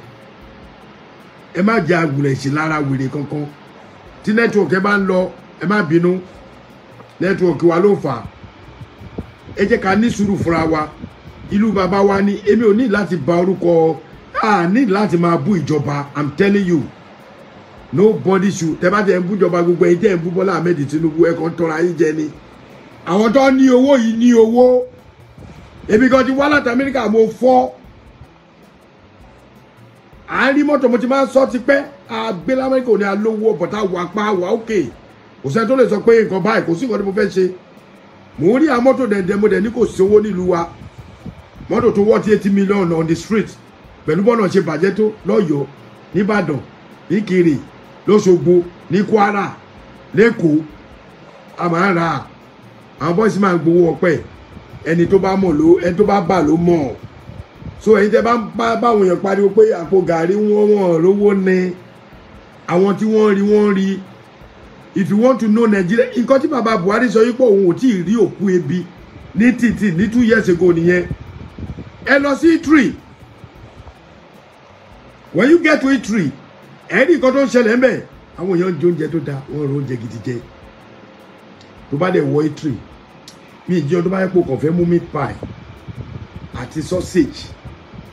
ẹ má jẹ àgùrẹ̀ ṣe lára wèrè kankan tí nẹ́tíwọ̀kì ẹ bá ń lọ ẹ má bínú nẹ́tíwọ̀kì wa ló fà á ẹ jẹ́ ká ní sùúrù fúnra wa ìlú bàbá wa ni èmi ò ní láti ba orúkọ a ní láti máa bú ìjọba i'm telling you nobody should tẹ bá tẹ ń bú ìjọba gbogbo ẹ̀yin tẹ ń bú Bọ́lá Ahmed Tinubu ẹ kàn tọra yín jẹ ni àwọn tó ní owó yìí ní owó èmi kan ti wá láti Amẹ́ríkà mo fọ́ à ń rí mọ́tò mo ti máa ń sọ tipẹ́ àgbé lamẹ́ríkà ò ní alówó bọ̀tà wà pa wà òkè kò sẹ́ni tó lè sọ pé nǹkan báyìí kò sí nǹkan tí mo fẹ́ ṣe mò ń rí àwọn mọ́tò dẹ̀ndẹ̀ mo dẹ̀ ní kò sí owó nílùú wa mọ́tò tó wọ́ ti eighty million on the street pẹ̀lú bọ́ọ̀nà ṣe bàjẹ́ tó lọ́yọ̀ọ́ nìbàdàn nìkirè lọ́ṣogbo ní kwara lẹ́kọ̀ọ́ a máa ń ra àwọn bọ́ìsì máa ń gbowó ọpẹ́ ẹni tó bá mọ̀ ló ẹni tó bá bà ló mọ̀ so ẹ̀yin tẹ́ bá ń bá báwọn èèyàn pariwo pé àpò gàrí wọn wọn lówó ni àwọn tí wọ́n rí wọ́n rí if you want to know Nigeria nǹkan tí bàbá Buhari sọ yìí pé òun ò tí ì rí òkú ebi ní títì ní two years ago nìyẹn ẹ lọ sí Italy when you get to Italy ẹ̀ẹ́dì nǹkan tó ń ṣẹlẹ̀ ń bẹ̀ àwọn èèyàn ń jẹ oúnjẹ tó dáa wọ́n ń ro oúnjẹ gidi jẹ tó bá dẹ̀ wọ itri mi ìjẹ́ ọdún bá yẹ kó kàn fẹ́ mú meat pie àti sausage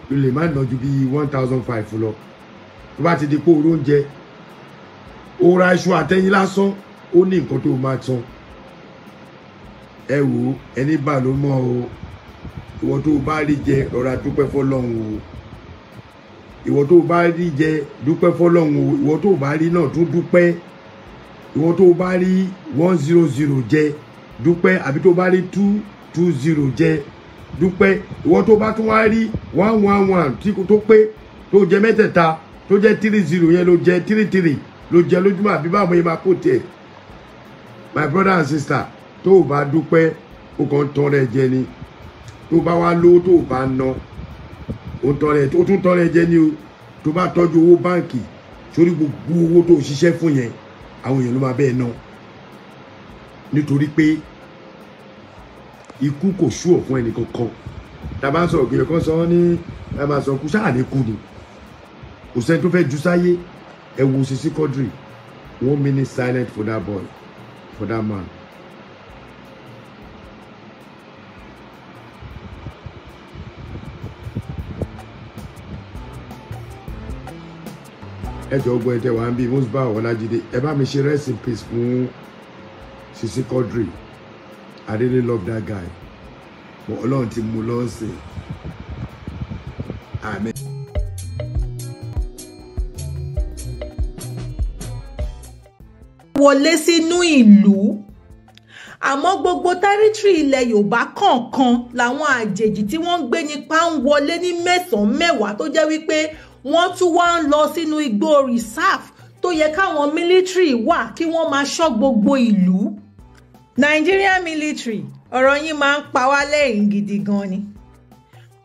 ló lè má ná ju bí one thousand five lọ tó bá ti di pé oró oúnjẹ ó ra iṣu àtẹyin lásán ó ní nǹkan tó máa tan ẹ wò ó ẹni bà ló mọ̀ o ìwọ tó bá rí jẹ rọra dúpẹ́ fọ́lọ́run o ìwọ tó bá rí jẹ dúpẹ́ fọ́lọ́run o ìwọ tó bá rí náà tún dúpẹ́ ìwọ̀n tó bá rí one zero zero jẹ dúpẹ́ àbí tó bá rí two two zero jẹ dúpẹ́ ìwọ̀n tó bá tún wá rí one one one tó pé tó jẹ mẹ́tẹ̀ẹ̀ta tó jẹ three zero yẹn ló jẹ three three ló jẹ lójúmọ́ àbí báwo yẹn máa kó tiẹ̀ my brother and sister tó o bá dúpẹ́ o kàn ń tọrọ ẹ jẹ ni tó o bá wá lówó tó o bá ná o tún tọrọ ẹ jẹ ni o tó o bá tọ́jú owó báǹkì sórí gbogbo owó tó o ṣiṣẹ́ fún yẹn àwọn èèyàn ló máa bẹ́ẹ̀ náà nítorí pé ikú kò sú ọ̀ fún ẹnì kankan tá a bá kan sọ ọ́ ní ẹ máa sọ kú sáà ní kú ni kò sẹ́ni tó fẹ́ ju sáyé ẹ wo Sisi Quadri one minute silent for that boy for that man ẹjọ́ ogun ẹ̀tẹ̀ wà ń bí musba ọ̀làjídé ẹ bá mi ṣe rest in peace fún Sisi Quadri I really love that guy but ọlọ́run ti mú lọ́sẹ̀ amen. wọlé sínú ìlú àmọ́ gbogbo tẹ́rítírì ilẹ̀ yorùbá kọ̀ọ̀kan làwọn àjèjì tí wọ́n ń gbé nípa ń wọlé ní mẹ́sàn-án mẹ́wàá tó jẹ́ wípé wọ́n tún wá ń lọ sínú igbó reserve tó yẹ káwọn military wà kí wọ́n máa ṣọ́ gbogbo ìlú. Nigerian military ọ̀rọ̀ yín máa ń pa wá lẹ́yìn gidi gan ni.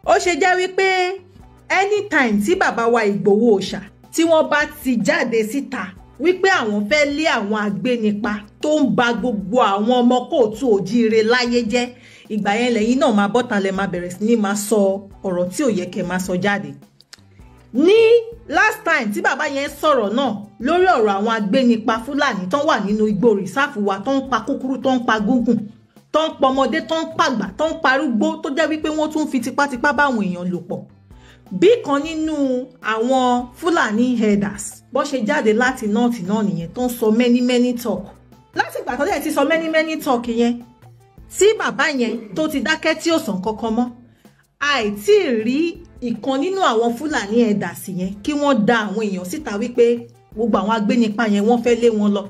ó ṣe jẹ́ wípé anytime tí bàbá wa Ìgbòho Òòṣà tí wọ́n bá ti jáde síta wípé àwọn fẹ́ lé àwọn agbénipa tó ń ba gbogbo àwọn ọmọ kóòtù òjíire láyé jẹ́ ìgbà yẹn lẹ́yìn náà máa bọ́ta lẹ́ máa bẹ̀rẹ̀ sí ní máa sọ ọ̀rọ̀ tí ò yẹ kẹ́ máa sọ jáde ní last time tí bàbá yẹn sọ̀rọ̀ náà lórí ọ̀rọ̀ àwọn agbénipa fúlàní tán wà nínú igbó rìsáàfù wa tán ń pa kúkúrú tán ń pa gúngùn tán ń pa ọmọdé tán ń pàgbà tán ń parúgbó tó jẹ́ wípé wọ́n tún fi tipátipá báwọn èèyàn lò pọ̀ bí kan nínú àwọn fúlàní herders bó ṣe jáde láti nọ́ọ̀tì náà nìyẹn tó ń sọ many many talk láti ìgbà tó dẹ̀ ti sọ many many talk yẹn tí bàbá yẹn tó ti dákẹ́ tí ò sàn kankan mọ́ àìtí rí ìkan nínú àwọn fúlàní ẹ̀dà sí yẹn kí wọ́n da àwọn èèyàn síta wípé gbogbo àwọn agbénipa yẹn wọ́n fẹ́ lé wọn lọ.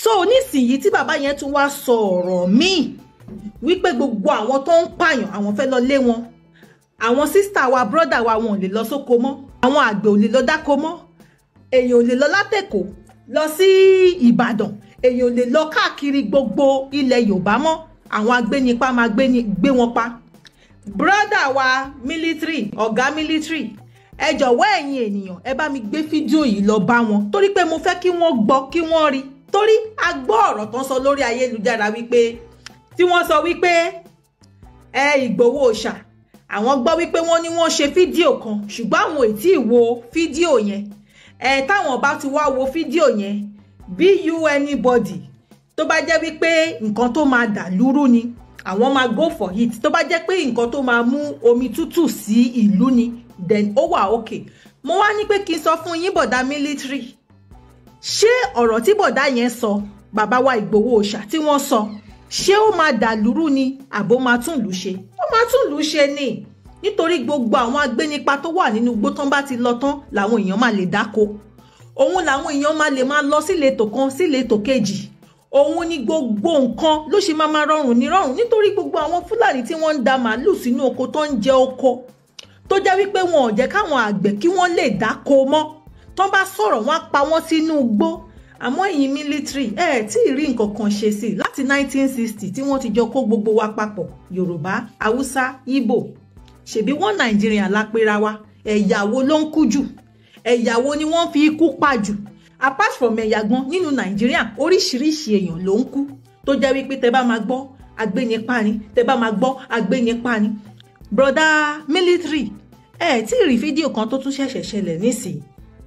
so nísìnyí tí bàbá yẹn tún wá sọ ọ̀rọ̀ míì wípé gbogbo àwọn tó ń pààyàn àwọn fẹ́ lọ lé wọn àwọn sísítà wa bírọ́dà wa wọn ò lè lọ sóko mọ́ àwọn àgbẹ̀ ò lè lọ dáko mọ́ èèyàn ò lè lọ látẹ̀kọ́ lọ sí ìbàdàn èèyàn ò lè lọ káàkiri gbogbo ilẹ̀ yorùbá mọ́ àwọn agbénipa máa gbé wọn pa brọ́dà wa military ọ̀gá mílítírì ẹ jọ̀wọ́ ẹ̀yin ènìyàn ẹ bá mi gbé fídíò yìí lọ bá wọn torí pé mo fẹ́ kí wọ́n gbọ́ kí wọ́n rí torí a gbọ́ ọ̀rọ̀ tán sọ lórí ayélujára wípé tí wọ́n sọ wípé ẹ Ìgbòho Òòṣà àwọn gbọ́ wípé wọ́n ní wọ́n ṣe fídíò kan ṣùgbọ́n àwọn ò tí ì wo fídíò yẹn ẹ táwọn bá ti wá wo fídíò yẹn bí you anybody tó bá jẹ́ wípé nǹkan tó máa dà lúrú ni àwọn máa go for it tó bá jẹ́ pé nǹkan tó máa mú omi tútù sí ìlú ni then ó wà okay mo wá ní pé kí n sọ fún yín bọ̀dá military ṣé ọ̀rọ̀ tí bọ̀dá yẹn sọ bàbá wa Ìgbòho Òòṣà tí wọ́n sọ ṣé ó máa dàlúrú ni àbó máa tún lù ṣe ó máa tún lù ṣe ni nítorí gbogbo àwọn agbénipa tó wà nínú igbó tán bá ti lọ tán làwọn èèyàn máa lè dáko òun làwọn èèyàn máa lè máa lọ síletò kan síletò kejì òun ni gbogbo nǹkan ló ṣe máa máa rọrùn ní rọrùn nítorí gbogbo àwọn fúlàní tí wọ́n ń da màálù sínú oko tó ń jẹ oko tó jẹ́ wípé wọn ò jẹ́ káwọn àgbẹ̀ kí wọ́n lè dáko mọ́ tán bá sọ̀rọ̀ wọ́n á pa wọ́n sínú igbó àmọ́ ẹ̀yin military ẹ̀ eh, tí ì rí nǹkan kan ṣe sí i láti 1960 tí wọ́n ti jọ kó gbogbo wa papọ̀ yorùbá haúsá ìgbò ṣèbí wọ́n nàìjíríà lápẹ́ra wa ẹ̀yà wo ló ń kú jù ẹ̀yà ni wọ́n fi ikú pa jù apart from ẹ̀yàgbọ́n nínú nàìjíríà oríṣiríṣi èèyàn ló ń kú tó jẹ́ wípé tẹ bá máa gbọ́ agbénipa ni tẹ bá máa gbọ́ agbénipa ni broda military ẹ eh, tí ì rí fídíò kan tó tún ṣẹ̀ṣẹ̀ ṣẹlẹ̀ nísìnyí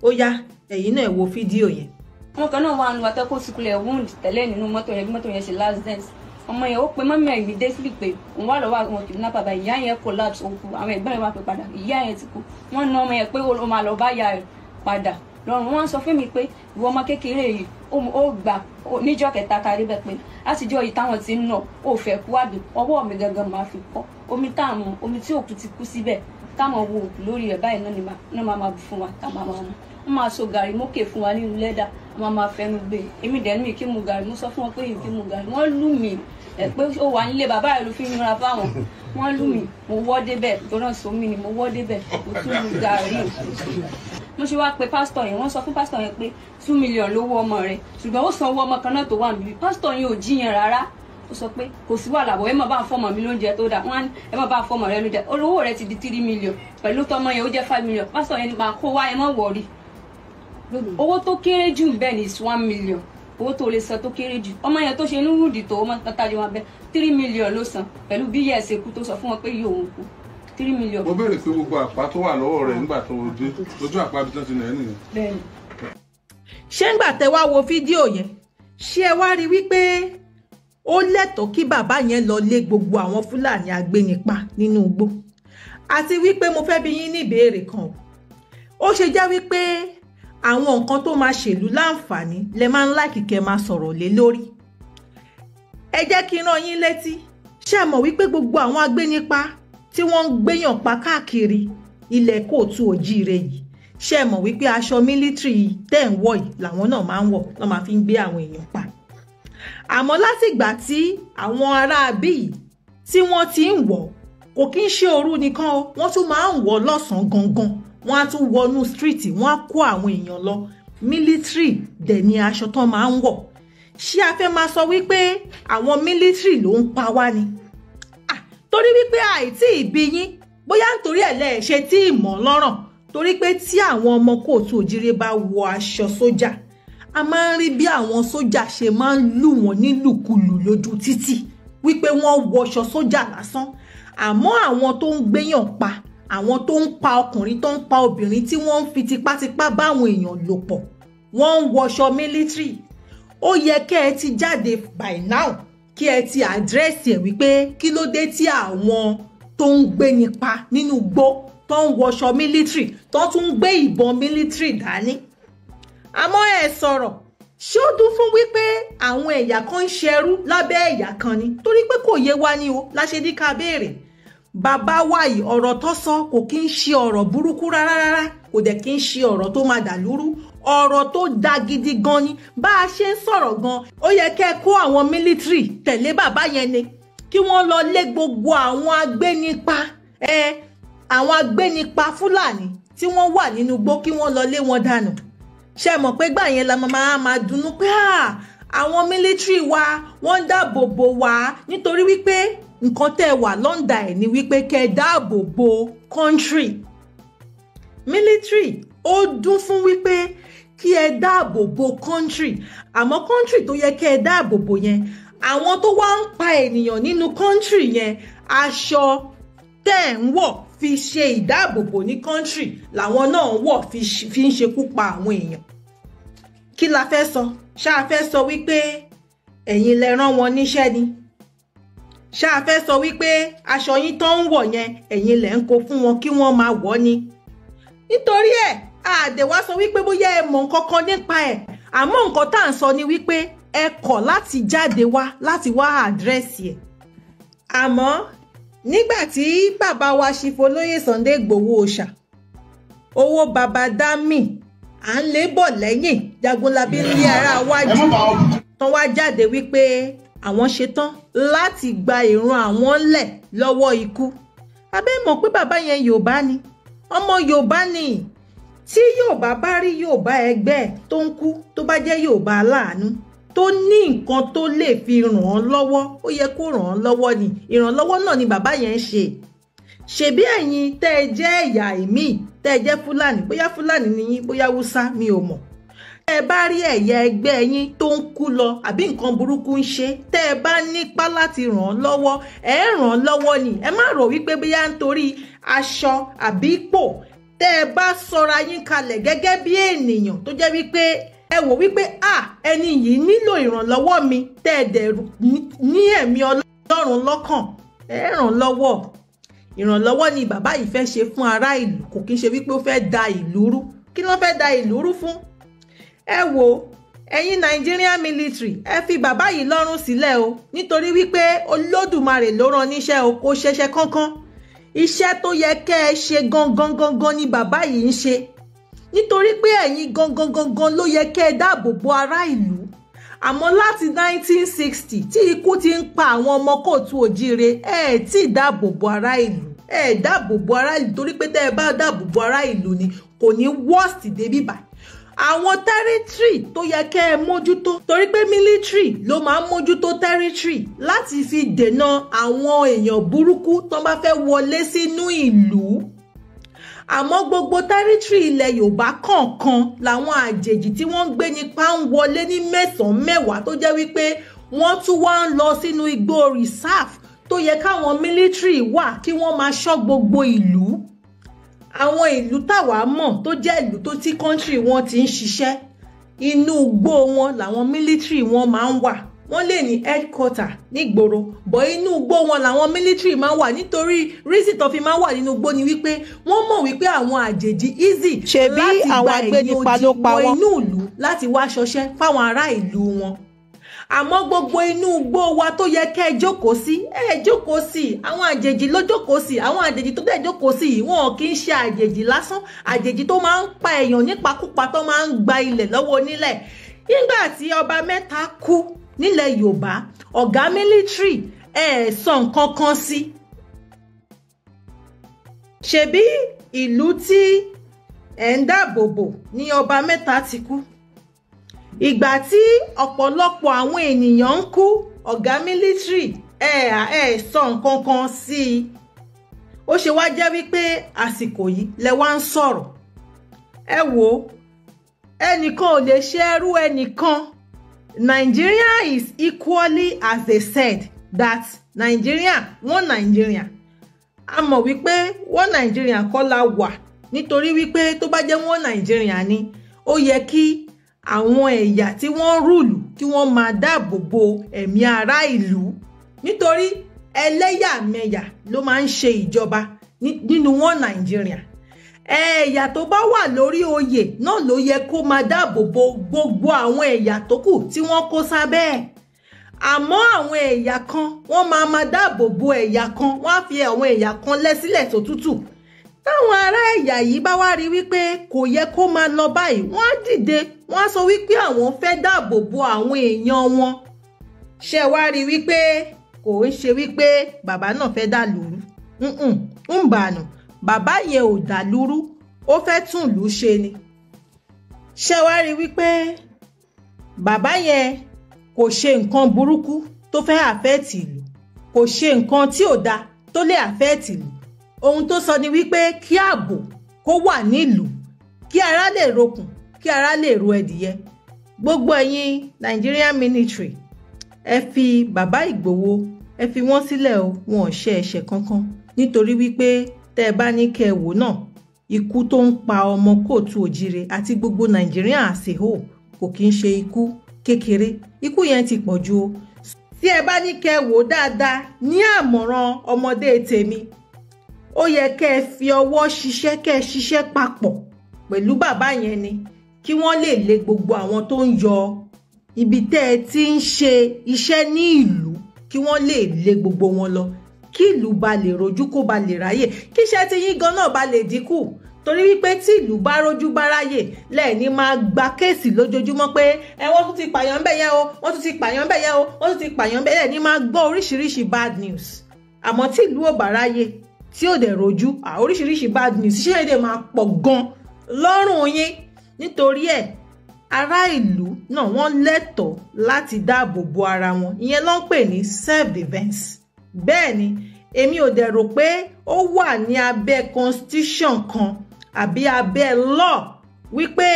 ó yá ẹ̀yin náà wo fídíò yẹn. ọmọ kan náà wà nù atẹ́kọ̀ọ́ sùkúlẹ̀ wound tẹ́lẹ̀ nínú mọ́tò yẹn bí mọ́tò yẹn ṣe last dance ọmọ yẹn ó pe mọ́mí ẹ̀ immediately pé òun wà lọ́wọ́ àwọn kidnapper báyìí ìyá yẹn collapse òkú àwọn ẹ̀gbọ́n rẹ̀ wá pé padà ìyá yẹn ti kú wọ́n na ọmọ yẹn pé ó máa lọ bá ya rẹ̀ padà lọ́rùn wọn sọ fún mi pé ìwọ ọmọ kékeré yìí ó gbà níjọ́ kẹta kárí bẹ́ẹ̀ pé látijọ́ yìí táwọn ti ń nà ó fẹ́ kú àbí ọwọ́ mi gangan máa fi kọ́ omi tá à ń mu omi tí òkú ti kú síbẹ̀ táwọn wo òkú lórí rẹ̀ báyìí náà máa máa bù fún wa tá máa máa mu máa so gàrí mókè fún wa nínú lẹ́dà wọ́n máa fẹnu gbé èmi dẹ̀ mi kí mu gàrí mo sọ fún wọn pé yìí kí mu gàrí wọ́n lù mí ẹ̀ pé ó wà nílé bàbá rẹ̀ ló fi ń ra fáwọn wọ́n lù mí mo wọ́ débẹ̀ gbọ́dọ̀ sómi ni mo wọ́ débẹ̀ mo tún mu gàrí mo ṣe wá pe pásítọ̀ yẹn wọ́n sọ fún pásítọ̀ yẹn pé two million lówó ọmọ rẹ̀ ṣùgbọ́n ó san owó ọmọ kan náà tó wà níbí pásítọ̀ yẹn ò jiyàn rárá ó sọ pé kò sí wàhálà bọ̀ ẹ má bá fọmọ mi lóúnjẹ tó dà wọ́n ẹ má bá fọmọ rẹ lóúnjẹ olówó rẹ ti di three million pẹ̀lú tọmọ yẹn ó jẹ́ five million pásítọ̀ yẹn nípa kó wá ẹ má wọ̀rí owó tó kéré jù bẹ́ẹ̀ ni is one million owó tó lè san tó kéré jù ọmọ yẹn tó ṣe ní rúdì tó ọmọ tata lè wọn bẹ three million ló san pẹ̀lú bí yẹ́ẹ̀ ṣe kú tó sọ fún wọn pé yóò òun kú three million. mo béèrè pé gbogbo àpá tó wà lọ́wọ́ rẹ̀ nígbà tó dé lójú àpá bí tán ti nà ẹ́ nìyẹn. ṣé ńgbà tẹ wá wo fídíò yẹn ṣé ẹ wá rí wípé ó lẹ́tọ̀ọ́ kí bàbá yẹn lọ lé gbogbo àwọn fúlàní agbénipa nínú igbó àti wípé mo fẹ́ bi yín ní ìbéèrè kan o ó ṣe jẹ́ wípé àwọn nǹkan tó máa ṣèlú láǹfààní lẹ máa ń láìkì kẹ́ máa sọ̀rọ̀ lé lórí ẹ jẹ́ kí n rán yín létí ṣé ẹ mọ̀ wípé gbogbo àwọn agbénipa tí wọ́n ń gbéyàn pa káàkiri ilẹ̀ kóòtù òjíire yìí ṣe mọ̀ wípé aṣọ mílítírì tẹ̀ ń wọ̀ yìí làwọn náà máa ń wọ̀ náà máa fi ń gbé àwọn èèyàn pa àmọ́ látìgbà tí àwọn aráabí yìí tí wọ́n ti ń wọ̀ kò kí ń ṣe òru nìkan o wọ́n tún máa ń wọ̀ lọ́sàn-án gangan wọ́n á tún wọnú stíríìtì wọ́n á kó àwọn èèyàn lọ mílítírì dẹ̀ ni aṣọ tán máa ń wọ̀ ṣé a fẹ́ máa sọ wípé àwọn mílítírì ló ń pa wá ni torí wípé àìtí ìbí yín bóyá nítorí ẹ̀ lẹ́ẹ̀ ṣe tí ìmọ̀ lọ́ràn torí pé tí àwọn ọmọ kóòtù òjìrè bá wọ aṣọ sójà a máa ń rí bí àwọn sójà ṣe máa ń lù wọ́n nílùkulù lójú títì wípé wọ́n wọṣọ sójà lásán àmọ́ àwọn tó ń gbéyàn pa àwọn tó ń pa ọkùnrin tó ń pa obìnrin tí wọ́n ń fi tipátipá báwọn èèyàn lò pọ̀ wọ́n ń wọṣọ mílítírì ó yẹ kẹ́ ẹ ti jáde by now kí ẹ ti àdírẹ́sì ẹ̀ wípé kí ló dé tí àwọn tó ń gbé nípa nínú igbó tó ń wọṣọ mílítírì tó tún ń gbé ìbọn mílítírì dání àmọ́ ẹ sọ̀rọ̀ ṣé ó dún fún wípé àwọn ẹ̀yà kan ń ṣẹrú lábẹ́ ẹ̀yà kan ni torí pé kò yé wa ni o la ṣe ní béèrè bàbá wàyí ọ̀rọ̀ tó sọ kò kí ń ṣe ọ̀rọ̀ burúkú rárá rárá kò dẹ̀ kí ń ṣe ọ̀rọ̀ tó máa dàlúrú ọ̀rọ̀ tó da gidi gan ni bá a ṣe ń sọ̀rọ̀ gan ó yẹ kẹ́ ẹ kó àwọn mílítírì tẹ̀lé bàbá yẹn ni kí wọ́n lọ lé gbogbo àwọn agbénipa ẹ àwọn agbénipa fúlàní tí wọ́n wà nínú igbó kí wọ́n lọ lé wọn dànù ṣe mọ̀ pé gbà yẹn la máa máa dunnú pé àwọn mílítírì wa wọ́n ń dáàbò bò wá nítorí wípé nǹkan tẹ́ ẹ wà lọ́ndà ẹ̀ ni wípé kẹ́ ẹ dáàbò bo country military ó dún fún wípé kí ẹ dáàbò bo country àmọ́ country tó yẹ kẹ́ ẹ dáàbò bo yẹn àwọn tó wá ń pa ènìyàn nínú country yẹn aṣọ tẹ́ ẹ̀ ń wọ̀ fi ṣe ìdáàbòbò ní country làwọn náà ń wọ̀ fi ń ṣekú pa àwọn èèyàn kí la fẹ́ sọ ṣáà fẹ́ sọ wípé ẹ̀yin lẹ rán wọn níṣẹ́ ni. Shani ṣáà fẹ́ sọ wípé aṣọ yín tó ń wọ̀ yẹn ẹ̀yin lẹ̀ ń kó fún wọn kí wọ́n máa wọ̀ ni nítorí ẹ̀ àdẹ̀wá sọ wípé bóyá ẹ mọ̀ nǹkan kan nípa ẹ̀ àmọ́ nǹkan tá à ń sọ ni wípé ẹ kọ̀ láti jáde wá láti wá àdírẹ́sì ẹ̀ àmọ́ nígbà tí bàbá wa ṣifolóyè Sunday Igboho Òòṣà owó bàbá dá mì à ń lé bọ̀ lẹ́yìn jagunlabi ń lé ara wájú tán wá jáde wípé àwọn ṣetán láti gba ìran àwọn lẹ̀ lọ́wọ́ ikú abẹ́ mọ̀ pé bàbá yẹn yorùbá ni ọmọ yorùbá ni tí yorùbá bá rí yorùbá ẹgbẹ́ tó ń kú tó bá jẹ́ yorùbá aláàánú tó ní nǹkan tó lè fi ràn án lọ́wọ́ ó yẹ kó ràn án lọ́wọ́ ni ìrànlọ́wọ́ náà ni bàbá yẹn ń ṣe ṣebí ẹ̀yin tẹ́ ẹ jẹ́ ẹ̀yà ìmíì tẹ́ ẹ jẹ́ fúlàní bóyá fúlàní ni yín bóyá wúsá mi ò mọ̀ tẹ́ ẹ bá rí ẹ̀yà ẹgbẹ́ yín tó ń kú lọ àbí nǹkan burúkú ń ṣe tẹ́ ẹ bá nípa láti ràn án lọ́wọ́ ẹ ràn án lọ́wọ́ ni ẹ má rò wípé bóyá nítorí aṣọ àbí ipò tẹ́ ẹ bá sọra yín kalẹ̀ gẹ́gẹ́ bí ènìyàn tó jẹ́ wípé ẹ wò wípé à ẹni yìí nílò ìrànlọ́wọ́ mi tẹ́ ẹ dẹ̀ ní ẹ̀mí ọlọ́run lọ́kàn ẹ ràn án lọ́wọ́ ìrànlọ́wọ́ ni bàbá yìí fẹ́ ṣe fún ará ìlú kò kí ń ṣe wípé ó fẹ́ da ìlú rú kí ló fẹ́ da ìlú rú fún ẹ wo ẹ̀yin Nigerian military ẹ fi bàbá yìí lọ́rùn sílẹ̀ o nítorí wípé olódùmarè ló rán níṣẹ́ o kò ṣẹṣẹ kankan iṣẹ́ tó yẹ kẹ́ ẹ ṣe gangan gangan ni bàbá yìí ń ṣe nítorí pé ẹ̀yin gangan gangan ló yẹ kẹ́ ẹ dáàbò bo ará ìlú àmọ́ láti 1960 tí ikú ti ń pa àwọn ọmọ kóòtù òjíire ẹ ẹ̀ tí ì dáàbò bo ará ìlú ẹ ẹ̀ dáàbò bo ará ìlú torí pé tẹ́ ẹ bá dáàbò bo ará ìlú ni kò ní worst débìbà àwọn tẹ́rítírì tó yẹ kẹ́ ẹ mójútó torí pé mílítírì ló máa ń mójútó tẹ́rítírì láti fi dènà àwọn èèyàn burúkú tó bá fẹ́ wọlé sínú ìlú àmọ́ gbogbo tẹ́rítírì ilẹ̀ yorùbá kọ̀ọ̀kan làwọn àjèjì tí wọ́n ń gbé nípa ń wọlé ní mẹ́sàn-án mẹ́wàá tó jẹ́ wípé wọ́n tún wá ń lọ sínú igbó reserve tó yẹ káwọn mílítírì wà kí wọ́n máa ṣọ́ gbogbo ìlú àwọn ìlú táwa mọ̀ tó jẹ́ ìlú tó tí kọ́ńtírì wọn ti ń ṣiṣẹ́ inú igbó wọn làwọn mílítírì wọn máa ń wà wọ́n lè ní headquarter nígboro bọ̀ inú igbó wọn làwọn mílítírì máa ń wà nítorí rísì tó fi máa ń wà nínú igbó ni wípé wọ́n mọ̀ wípé àwọn àjèjì easy láti gba ẹ̀yìn odi wọ inú ìlú láti wá ṣọṣẹ́ fáwọn ará ìlú wọn àmọ́ gbogbo inú igbó wa tó yẹ kẹ́ ẹ jókòó sí ẹ jókòó sí àwọn àjèjì ló jókòó sí àwọn àjèjì tó dẹ̀ jókòó sí yìí wọn kì í ṣe àjèjì lásán àjèjì tó máa ń pa èèyàn nípakúpa tó máa ń gba ilẹ̀ lọ́wọ́ onílẹ̀ nígbà tí ọba mẹ́ta kú nílẹ̀ Yorùbá ọ̀gá mílítírì ẹ̀ sọ nǹkan kan sí ṣebí ìlú tí ẹ̀ ń dáàbòbò ní ọba mẹ́ta ti kú ìgbà tí ọ̀pọ̀lọpọ̀ àwọn ènìyàn ń kú ọ̀gá mílítírì ẹ̀ ẹ̀ sọ nǹkan kan sí i ó ṣe wá jẹ́ wípé àsìkò yìí lẹ wá ń sọ̀rọ̀ ẹ wò ó ẹnìkan ò lè ṣe ẹrú ẹnìkan Nigeria is equally as they said that Nigeria one Nigeria a mọ̀ wípé one Nigeria kọ́ la wà nítorí wípé tó bá jẹ́ one Nigeria ni ó yẹ kí àwọn ẹ̀yà tí wọ́n rúlù kí wọ́n máa dáàbò bo ẹ̀mí ará ìlú nítorí ẹlẹ́yàmẹ̀yà ló máa ń ṣe ìjọba nínú wọn Nàìjíríà ẹ̀yà tó bá wà lórí oyè náà ló yẹ kó máa dáàbò bo gbogbo àwọn ẹ̀yà tó kù tí wọ́n kó sábẹ́ ẹ̀ àmọ́ àwọn ẹ̀yà kan wọ́n máa máa dáàbò bo ẹ̀yà kan wọ́n á fi àwọn ẹ̀yà kan lẹ́ sílẹ̀ tó tútù táwọn ará ẹ̀yà yìí bá wá rí wípé kò yẹ kó máa lọ báyìí wọ́n á dìde wọ́n á sọ wípé àwọn fẹ́ dáàbò bo àwọn èèyàn wọn ṣe wá rí wípé kò ń ṣe wípé bàbá náà fẹ́ dà lúrú ń bànú bàbá yẹn ò dà lúrú ó fẹ́ tún ìlú ṣe ni ṣe wá rí wípé bàbá yẹn kò ṣe nǹkan burúkú tó fẹ́ àfẹ́ẹ̀tì ìlú kò ṣe nǹkan tí ò da tó lè àfẹ́ẹ̀tì ìlú ohun tó sọ ni wípé kí ààbò kó wà nílùú kí ara lè rokùn kí ara lè ro ẹdìyẹ gbogbo ẹ̀yin Nigerian ministry ẹ fi bàbá Ìgbòho ẹ fi wọ́n sílẹ̀ o wọn ò ṣe ẹ̀ṣẹ̀ kankan nítorí wípé tẹ́ ẹ bá ní kẹ́ ẹ wò náà ikú tó ń pa ọmọ kóòtù òjire àti gbogbo Nàìjíríà àsèhò kò kí ń ṣe ikú kékeré ikú yẹn ti pọ̀ ju o tí ẹ bá ní kẹ́ ẹ wò dáadáa ní àmọ̀ràn ọmọdé tèmi ó yẹ kẹ́ ẹ fi ọwọ́ ṣiṣẹ́ kẹ́ ẹ ṣiṣẹ́ papọ̀ pẹ̀lú bàbá yẹn ni kí wọ́n lè lé gbogbo àwọn tó ń yọ ibi tẹ́ ẹ ti ń ṣe iṣẹ́ ní ìlú kí wọ́n lè lé gbogbo wọn lọ kí ìlú ba lè rojú kó ba lè ráyè kí iṣẹ́ ti yín gan náà ba lè dínkù torí wípé tí ìlú bá rojú bá ráyè lẹ́ẹ̀ni máa gba kéèsì lójoojúmọ́ pé ẹ wọ́n tún ti pààyàn bẹ́ẹ̀ yẹn o wọ́n tún ti pààyàn bẹ́ẹ̀ yẹn o wọ́n tún ti pààyàn bẹ́ẹ̀ lẹ́ẹ̀ni máa gbọ́ oríṣiríṣi bad news àmọ́ tí ìlú ò bá ráyè tí ò dẹ̀ rojú oríṣiríṣi bad news iṣẹ́ èdè máa pọ̀ gan lọ́rùn yín nítorí ẹ̀ ará ìlú náà wọ́n lẹ́tọ̀ọ́ láti dáàbò bo ara wọn ìyẹn ló ń pè ní self defence bẹ́ẹ̀ ni èmi ò dẹ̀ rò pé ó wà ní abẹ́ constitution kan àbí abẹ́ law wípé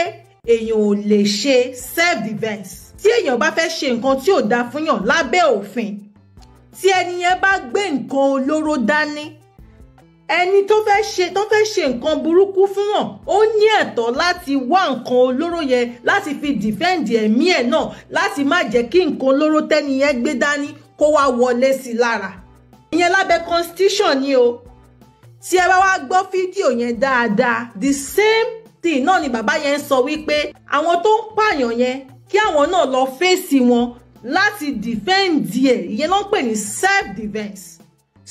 èèyàn ò lè ṣe self defence tí èèyàn bá fẹ́ ṣe nǹkan tí ò dáa fún yàn lábẹ́ òfin tí ẹni yẹn bá gbé nǹkan olóró dání ẹni tó fẹ́ ṣe tó fẹ́ ṣe nǹkan burúkú fún wọn ó ní ẹ̀tọ́ láti wá nǹkan olóró yẹn láti fi dìfẹ́ǹdì ẹ̀mí ẹ̀ náà láti má jẹ́ kí nǹkan olóró tẹ́ni yẹn gbé dání kó wá wọlé sí lára ìyẹn lábẹ́ constitution ni o tí ẹ bá wá gbọ́ fídíò yẹn dáadáa the same thing náà ni bàbá yẹn sọ wípé àwọn tó ń pààyàn yẹn kí àwọn náà lọ fèsì wọn láti dìfẹ́ǹdì ẹ̀ ìyẹn ló ń pè ní self defence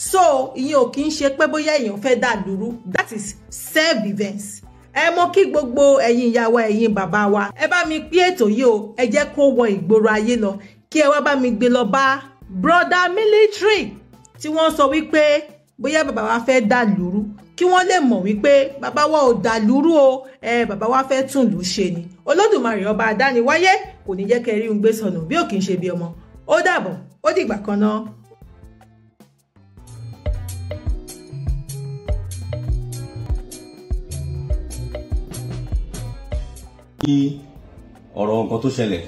so ìyẹn ò kí ń ṣe pé bóyá èèyàn fẹ́ dà lúrú that is self-defense ẹ mọ kí gbogbo ẹ̀yin ìyá wa ẹ̀yin bàbá wa ẹ bá mi pín ètò yìí o ẹ jẹ́ kó wọ ìgboro ayé lọ kí ẹ wá bá mi gbé lọ bá broda military tí wọ́n sọ wípé bóyá bàbá wa fẹ́ dà lúrú kí wọ́n lè mọ̀ wípé bàbá wa ò dàlúrú o ẹ bàbá wa fẹ́ tún lù ú ṣe ni olódùmarè ọba àdániwáyé kò ní jẹ́ kẹ́ rí un gbé sọnù bí ò kì ṣe bí ọmọ ó dàbọ̀ ó dìgbà kan náà. bí ọ̀rọ̀ nǹkan tó ṣẹlẹ̀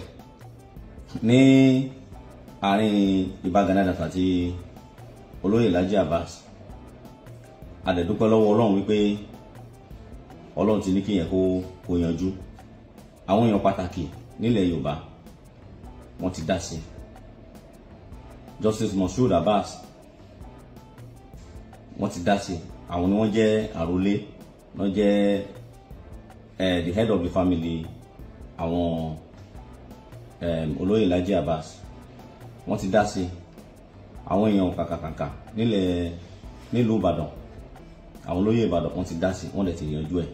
ní àárín Ìbà Gani Adams àti olóyè Laji Abbas a dẹ̀ dúpẹ́ lọ́wọ́ ọlọ́run wípé ọlọ́run ti ní kí yẹn kó kó yanjú àwọn èèyàn pàtàkì nílẹ̀ Yorùbá wọ́n ti dá sí Justice Moshood Abbas wọ́n ti dá sí àwọn ni wọ́n jẹ́ àròlé wọ́n jẹ́ Eh, the head of the family àwọn um, olóyè Laji Abbas wọ́n ti dá sí àwọn èèyàn kàkàkàkà nílẹ̀ nílùú Ìbàdàn àwọn olóyè Ìbàdàn wọ́n ti dá sí wọ́n dẹ̀ ti yanjú ẹ̀.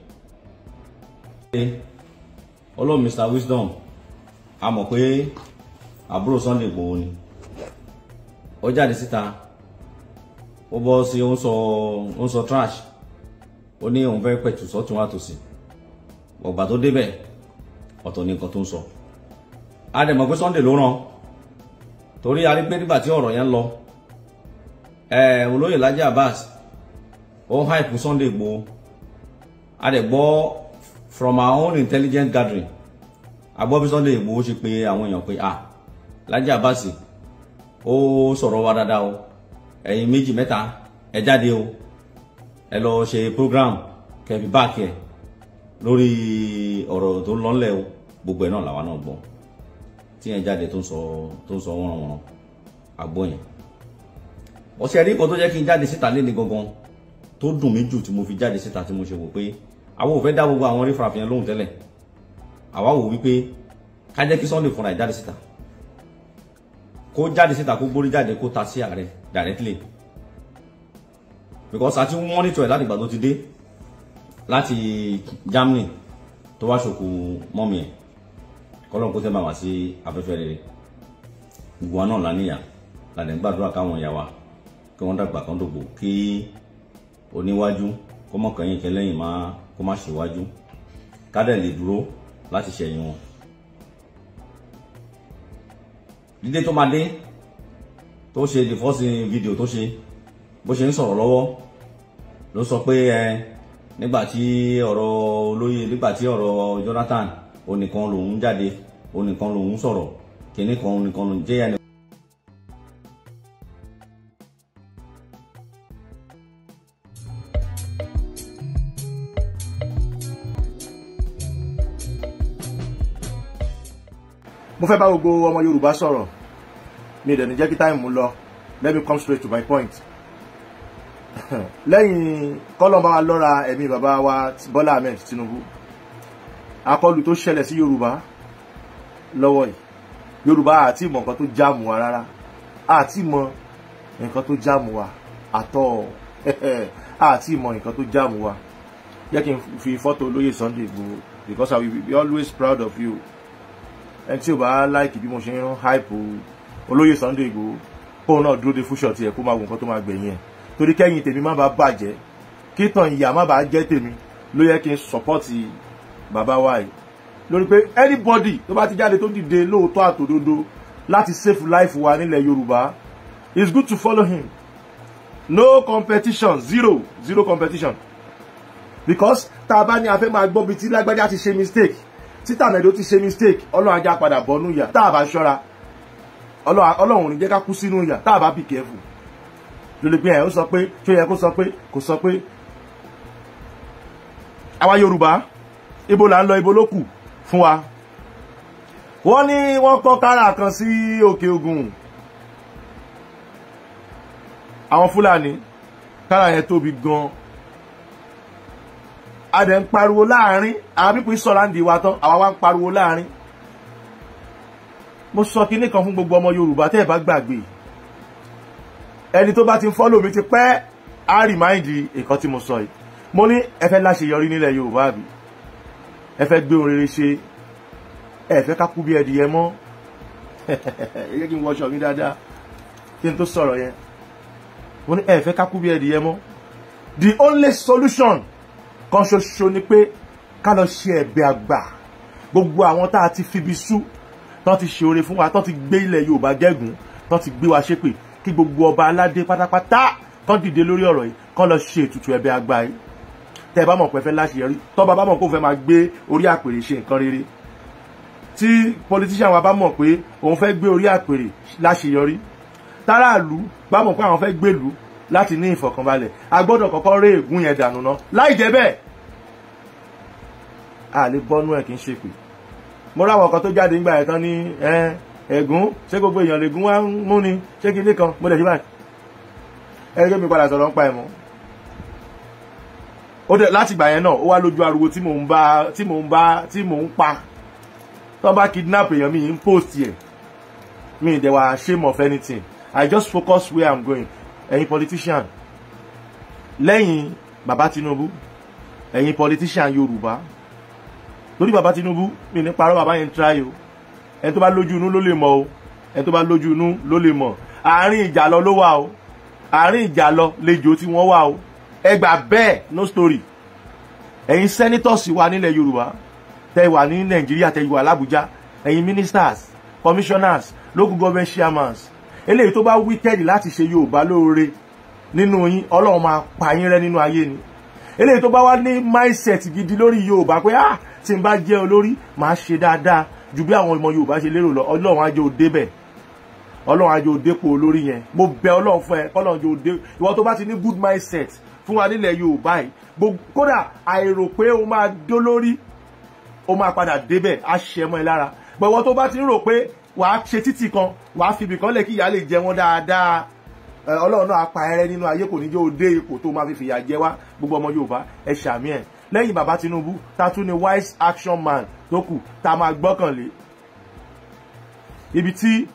olóò Mr Wisdom a mọ̀ pé àbúrò Sunday Igboho ni ó jáde síta ó bọ́ sí ó ń sọ ó ń sọ trash ó ní òun fẹ́ pẹ̀tù sọ́tún wá tòsí ọgbà tó débẹ̀ ọ̀tọ̀ ní nǹkan tó ń sọ a dẹ̀ mọ̀ pé Sunday ló ràn torí a rí pé nígbà tí ọ̀rọ̀ yẹn lọ olóyè Laji Abbas ó hype Sunday Igboho a gbọ́ from our own intelligence gathering a gbọ́ bí Sunday Igboho ṣe pé àwọn èèyàn pé ah Laji abas. ó sọ̀rọ̀ wa dáadáa o ẹ̀yin méjì mẹ́ta ẹ jáde o ẹ lọ ṣe program kẹfì báàkì ẹ̀ lórí ọ̀rọ̀ tó ń lọ́lẹ̀ o gbogbo ẹ̀ náà làwa náà gbọ́ tí yẹn jáde tó ń sọ tó ń sọ wọ́nranwọ́nran àgbọ̀ yẹn wọ́n ṣe rí nǹkan tó jẹ́ kí n jáde síta lé ní gangan tó dùn mí jù tí mo fi jáde síta tí mo ṣe wò pé àwọn ò fẹ́ dá gbogbo àwọn rífrafin yẹn lóhùn tẹ́lẹ̀ àwa wò wípé ká jẹ́ kí Sunday fúnra ẹ̀ jáde síta kó jáde síta kó gbórí jáde kó ta sí ààrẹ directly because àti monitor ẹ̀ láti ìgbà tó ti dé láti Germany tó wá ṣòkò mọ́mì ẹ̀ kọ́lọ́n kó tẹ́ bá wá sí afẹ́fẹ́ rere gbogbo wa náà lánìyà làdẹ̀ ń gbàdúrà káwọn ìyá wa kí wọ́n dàgbà kán dògbò kí oníwájú kó mọ̀ kẹ́yìn kẹlẹ́yìn má kó má ṣèwájú kádẹ̀ lè dúró láti ṣẹ̀yìn wọn. dídé tó máa dé tó ṣe the first video tó ṣe bó ṣe ń sọ̀rọ̀ lọ́wọ́ ló sọ pé ẹ. Eh, nígbà tí ọ̀rọ̀ olóyè nígbà tí ọ̀rọ̀ Jonathan onìkan lòun jáde onìkan lòun sọ̀rọ̀ kìnnì kan onìkan lòun jẹ́ ẹni. mo fẹ́ bá gbogbo ọmọ Yorùbá sọ̀rọ̀ mi ò dẹ̀ ní jẹ́ kí táìmù lọ let me come straight to my point. lẹ́yìn kọ́lọ́mbà wa lọ́ra ẹ̀mí bàbá wa Bọ́lá Ahmed Tinubu akọlù tó ṣẹlẹ̀ sí Yorùbá lọ́wọ́ yìí Yorùbá àti mọ̀ nǹkan tó jáàmù wa rárá àti mọ̀ nǹkan tó jáàmù wa àtọ̀ àti mọ̀ nǹkan tó jáàmù wa yẹ kí n fi fọ́tò olóyè Sunday Igboho because I will be always proud of you ẹni tí o bá láìkì bí mo ṣe ń hype olóyè Sunday Igboho kóun náà dúró de fúṣọ̀ tiẹ̀ kó máa wo nǹkan tó máa gbẹ̀yìn ẹ̀ torí kẹ́yìn tèmi má bàa bàjẹ́ kíntàn ìyá má bàa jẹ́ tèmi ló yẹ kí n sọ́pọ́tì bàbá wa yìí lórí pé anybody tó bá ti jáde tó dìde lóòótọ́ àtòdodo láti save life wa nílẹ̀ Yorùbá it's good to follow him no competition zero zero competition because tá a bá ní a fẹ́ máa gbọ́ bí tí lágbájá ti ṣe mistake tí tàmẹ̀dó ti ṣe mistake ọlọ́run ajá padà bọ́nú yà tá a bá ṣọ́ra ọlọ́run ò ní jẹ́ ká kú sínú yà tá a bá be careful lórí pé ẹ̀ ó sọ pé ṣó yẹ kó sọ pé kò sọ pé àwa yorùbá ibo là ń lọ ibo ló kù fún wa wọ́n ní wọ́n kọ́ kára kan sí òkè ogun àwọn fúlàní kára yẹn tóbi gan a dẹ̀ ń pariwo láàrin àwọn pípín sọ̀rọ̀ àǹdí wa tán àwa wá ń pariwo láàrin mo sọ kinní kan fún gbogbo ọmọ yorùbá tẹ́ ẹ̀ bá gbàgbé yìí ẹni tó bá ti ń fọ́lò mi ti pẹ́ á rìmáìndì nǹkan tí mo sọ yìí mo ní ẹ fẹ́ láṣeyọrí nílẹ̀ Yorùbá àbí ẹ fẹ́ gbé ohun rere ṣe ẹ fẹ́ ká bí ẹdìyẹ mọ́ ẹ jẹ́ kí n wọṣọ mi dáadáa kí n tó sọ̀rọ̀ yẹn mo ní ẹ fẹ́ ká bí ẹdìyẹ mọ́ the only solution kan ṣoṣo ni pé ká lọ ṣe ẹ̀bẹ̀ àgbà gbogbo àwọn tá a ti fibi sú tán ti ṣe oore fún wa tán ti gbé ilẹ̀ Yorùbá gẹ́gùn tán ti gbé wa ṣépè kí gbogbo ọba aládé pátápátá tó dìde lórí ọ̀rọ̀ yìí kó lọ ṣe ètùtù ẹ̀bẹ̀ àgbà yìí tẹ́ ẹ bá mọ̀ pé fẹ́ láṣeyọrí tọ́ba bá mọ̀ kó fẹ́ máa gbé orí àpèrè ṣe nǹkan rere tí politician wa bá mọ̀ pé òun fẹ́ gbé orí àpèrè láṣeyọrí táráàlú bá mọ̀ pé àwọn fẹ́ gbèlú láti ní ìfọ̀kànbalẹ̀ a gbọ́dọ̀ kọ́kọ́ ré ègún yẹn dànù ná láì jẹ́ bẹ́ẹ̀ a lè bọ́nú ẹ̀ kì í ṣe pé mo ráwọn kan tó jáde nígbà yẹn tán ní ẹ́ ẹ̀gún ṣé gbogbo èèyàn lè gún wá ń mú ni ṣé kí ilé kan mo lè ṣe báyìí ẹgbẹ́ mi padà sọ̀rọ̀ ń pa ẹ̀mọ́ ó dẹ̀ láti ìgbà yẹn náà ó wá lójú ariwo tí mò ń bá tí mò ń bá tí mò ń pa tó bá kidnap èèyàn mi ń post yẹ mi there was shame of anything I just focus where I'm going ẹ̀yin politician lẹ́yìn bàbá Tinubu ẹ̀yin politician Yorùbá lórí bàbá Tinubu mi ní parọ́ bàbá yẹn try o ẹni tó bá lójú inú ló lè mọ̀ o ẹni tó bá lójú inú ló lè mọ̀ àárín ìjà lọ ló wà o àárín ìjà lọ lejò tí wọ́n wà o ẹ gbà bẹ́ẹ̀ no story ẹ̀yin senators wà nílẹ̀ Yorùbá tẹ wà ní Nàìjíríà tẹ wà l'Àbújá ẹ̀yin ministers commissioners local government chairmans eléyìí tó bá wíkẹ́ẹ̀dì láti ṣe Yorùbá lóore nínú yín Ọlọ́run máa pa yín rẹ́ nínú ayé ni eléyìí tó bá wá ní mindset gidi lórí Yorùbá pé ah tí n bá jẹ́ olórí màá ṣe dáadáa ju bí àwọn ọmọ Yorùbá ṣe lérò lọ Ọlọ́run á jẹ́ ó débẹ̀ Ọlọ́run á jẹ́ ó dépò olórí yẹn mo bẹ Ọlọ́run fún ẹ kọ́lọ́run jẹ́ ó dé ìwọ tó bá ti ní good mindset fún wa nílẹ̀ Yorùbá yìí kódà àìrò pé o máa dólórí o máa padà débẹ̀ á ṣe mọ́ ẹ lára gbọ̀wọ́ tó bá ti ń rò pé wàá ṣe títì kan wàá fi ibìkan lẹ̀ kí ìyá lè jẹ wọ́n dáadáa Ọlọ́run náà á pa ẹrẹ́ nínú ayé kò ní jẹ́ ó dé ipò tó máa fi fìyà jẹ wá gbogbo ọmọ Yorùbá ẹ ṣàmì ẹ̀ lẹ́yìn bàbá Tinubu ta tún ni wise action man tó kù tá a máa gbọ́kànlé ibi tí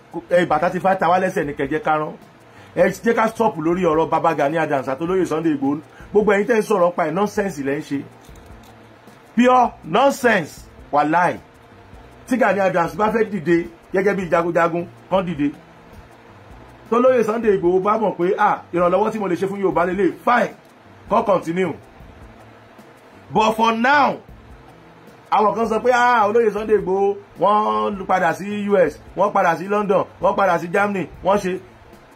bàtà ti fa ta lẹ́sẹ̀ ní kẹ̀jẹ́ kárán ẹ jẹ́ ká stop lórí ọ̀rọ̀ baba Gani Adams àtolóyè Sunday Igboho gbogbo ẹ̀yin tẹ́ ń sọ̀rọ̀ pa ẹ̀ nonsense lẹ́ ń ṣe pure nonsense wàláì tí Gani Adams bá fẹ́ dìde gẹ́gẹ́ bí jagunjagun kan dìde tolóyè Sunday Igboho bá mọ̀ pé ah ìrànlọ́wọ́ tí mo lè ṣe fún Yorùbá lélẹ̀ fine kan continue but for now àwọn kan sọ pé ah olóyè Sunday Igboho wọ́n padà sí US wọ́n padà sí London wọ́n padà sí Germany wọ́n ṣe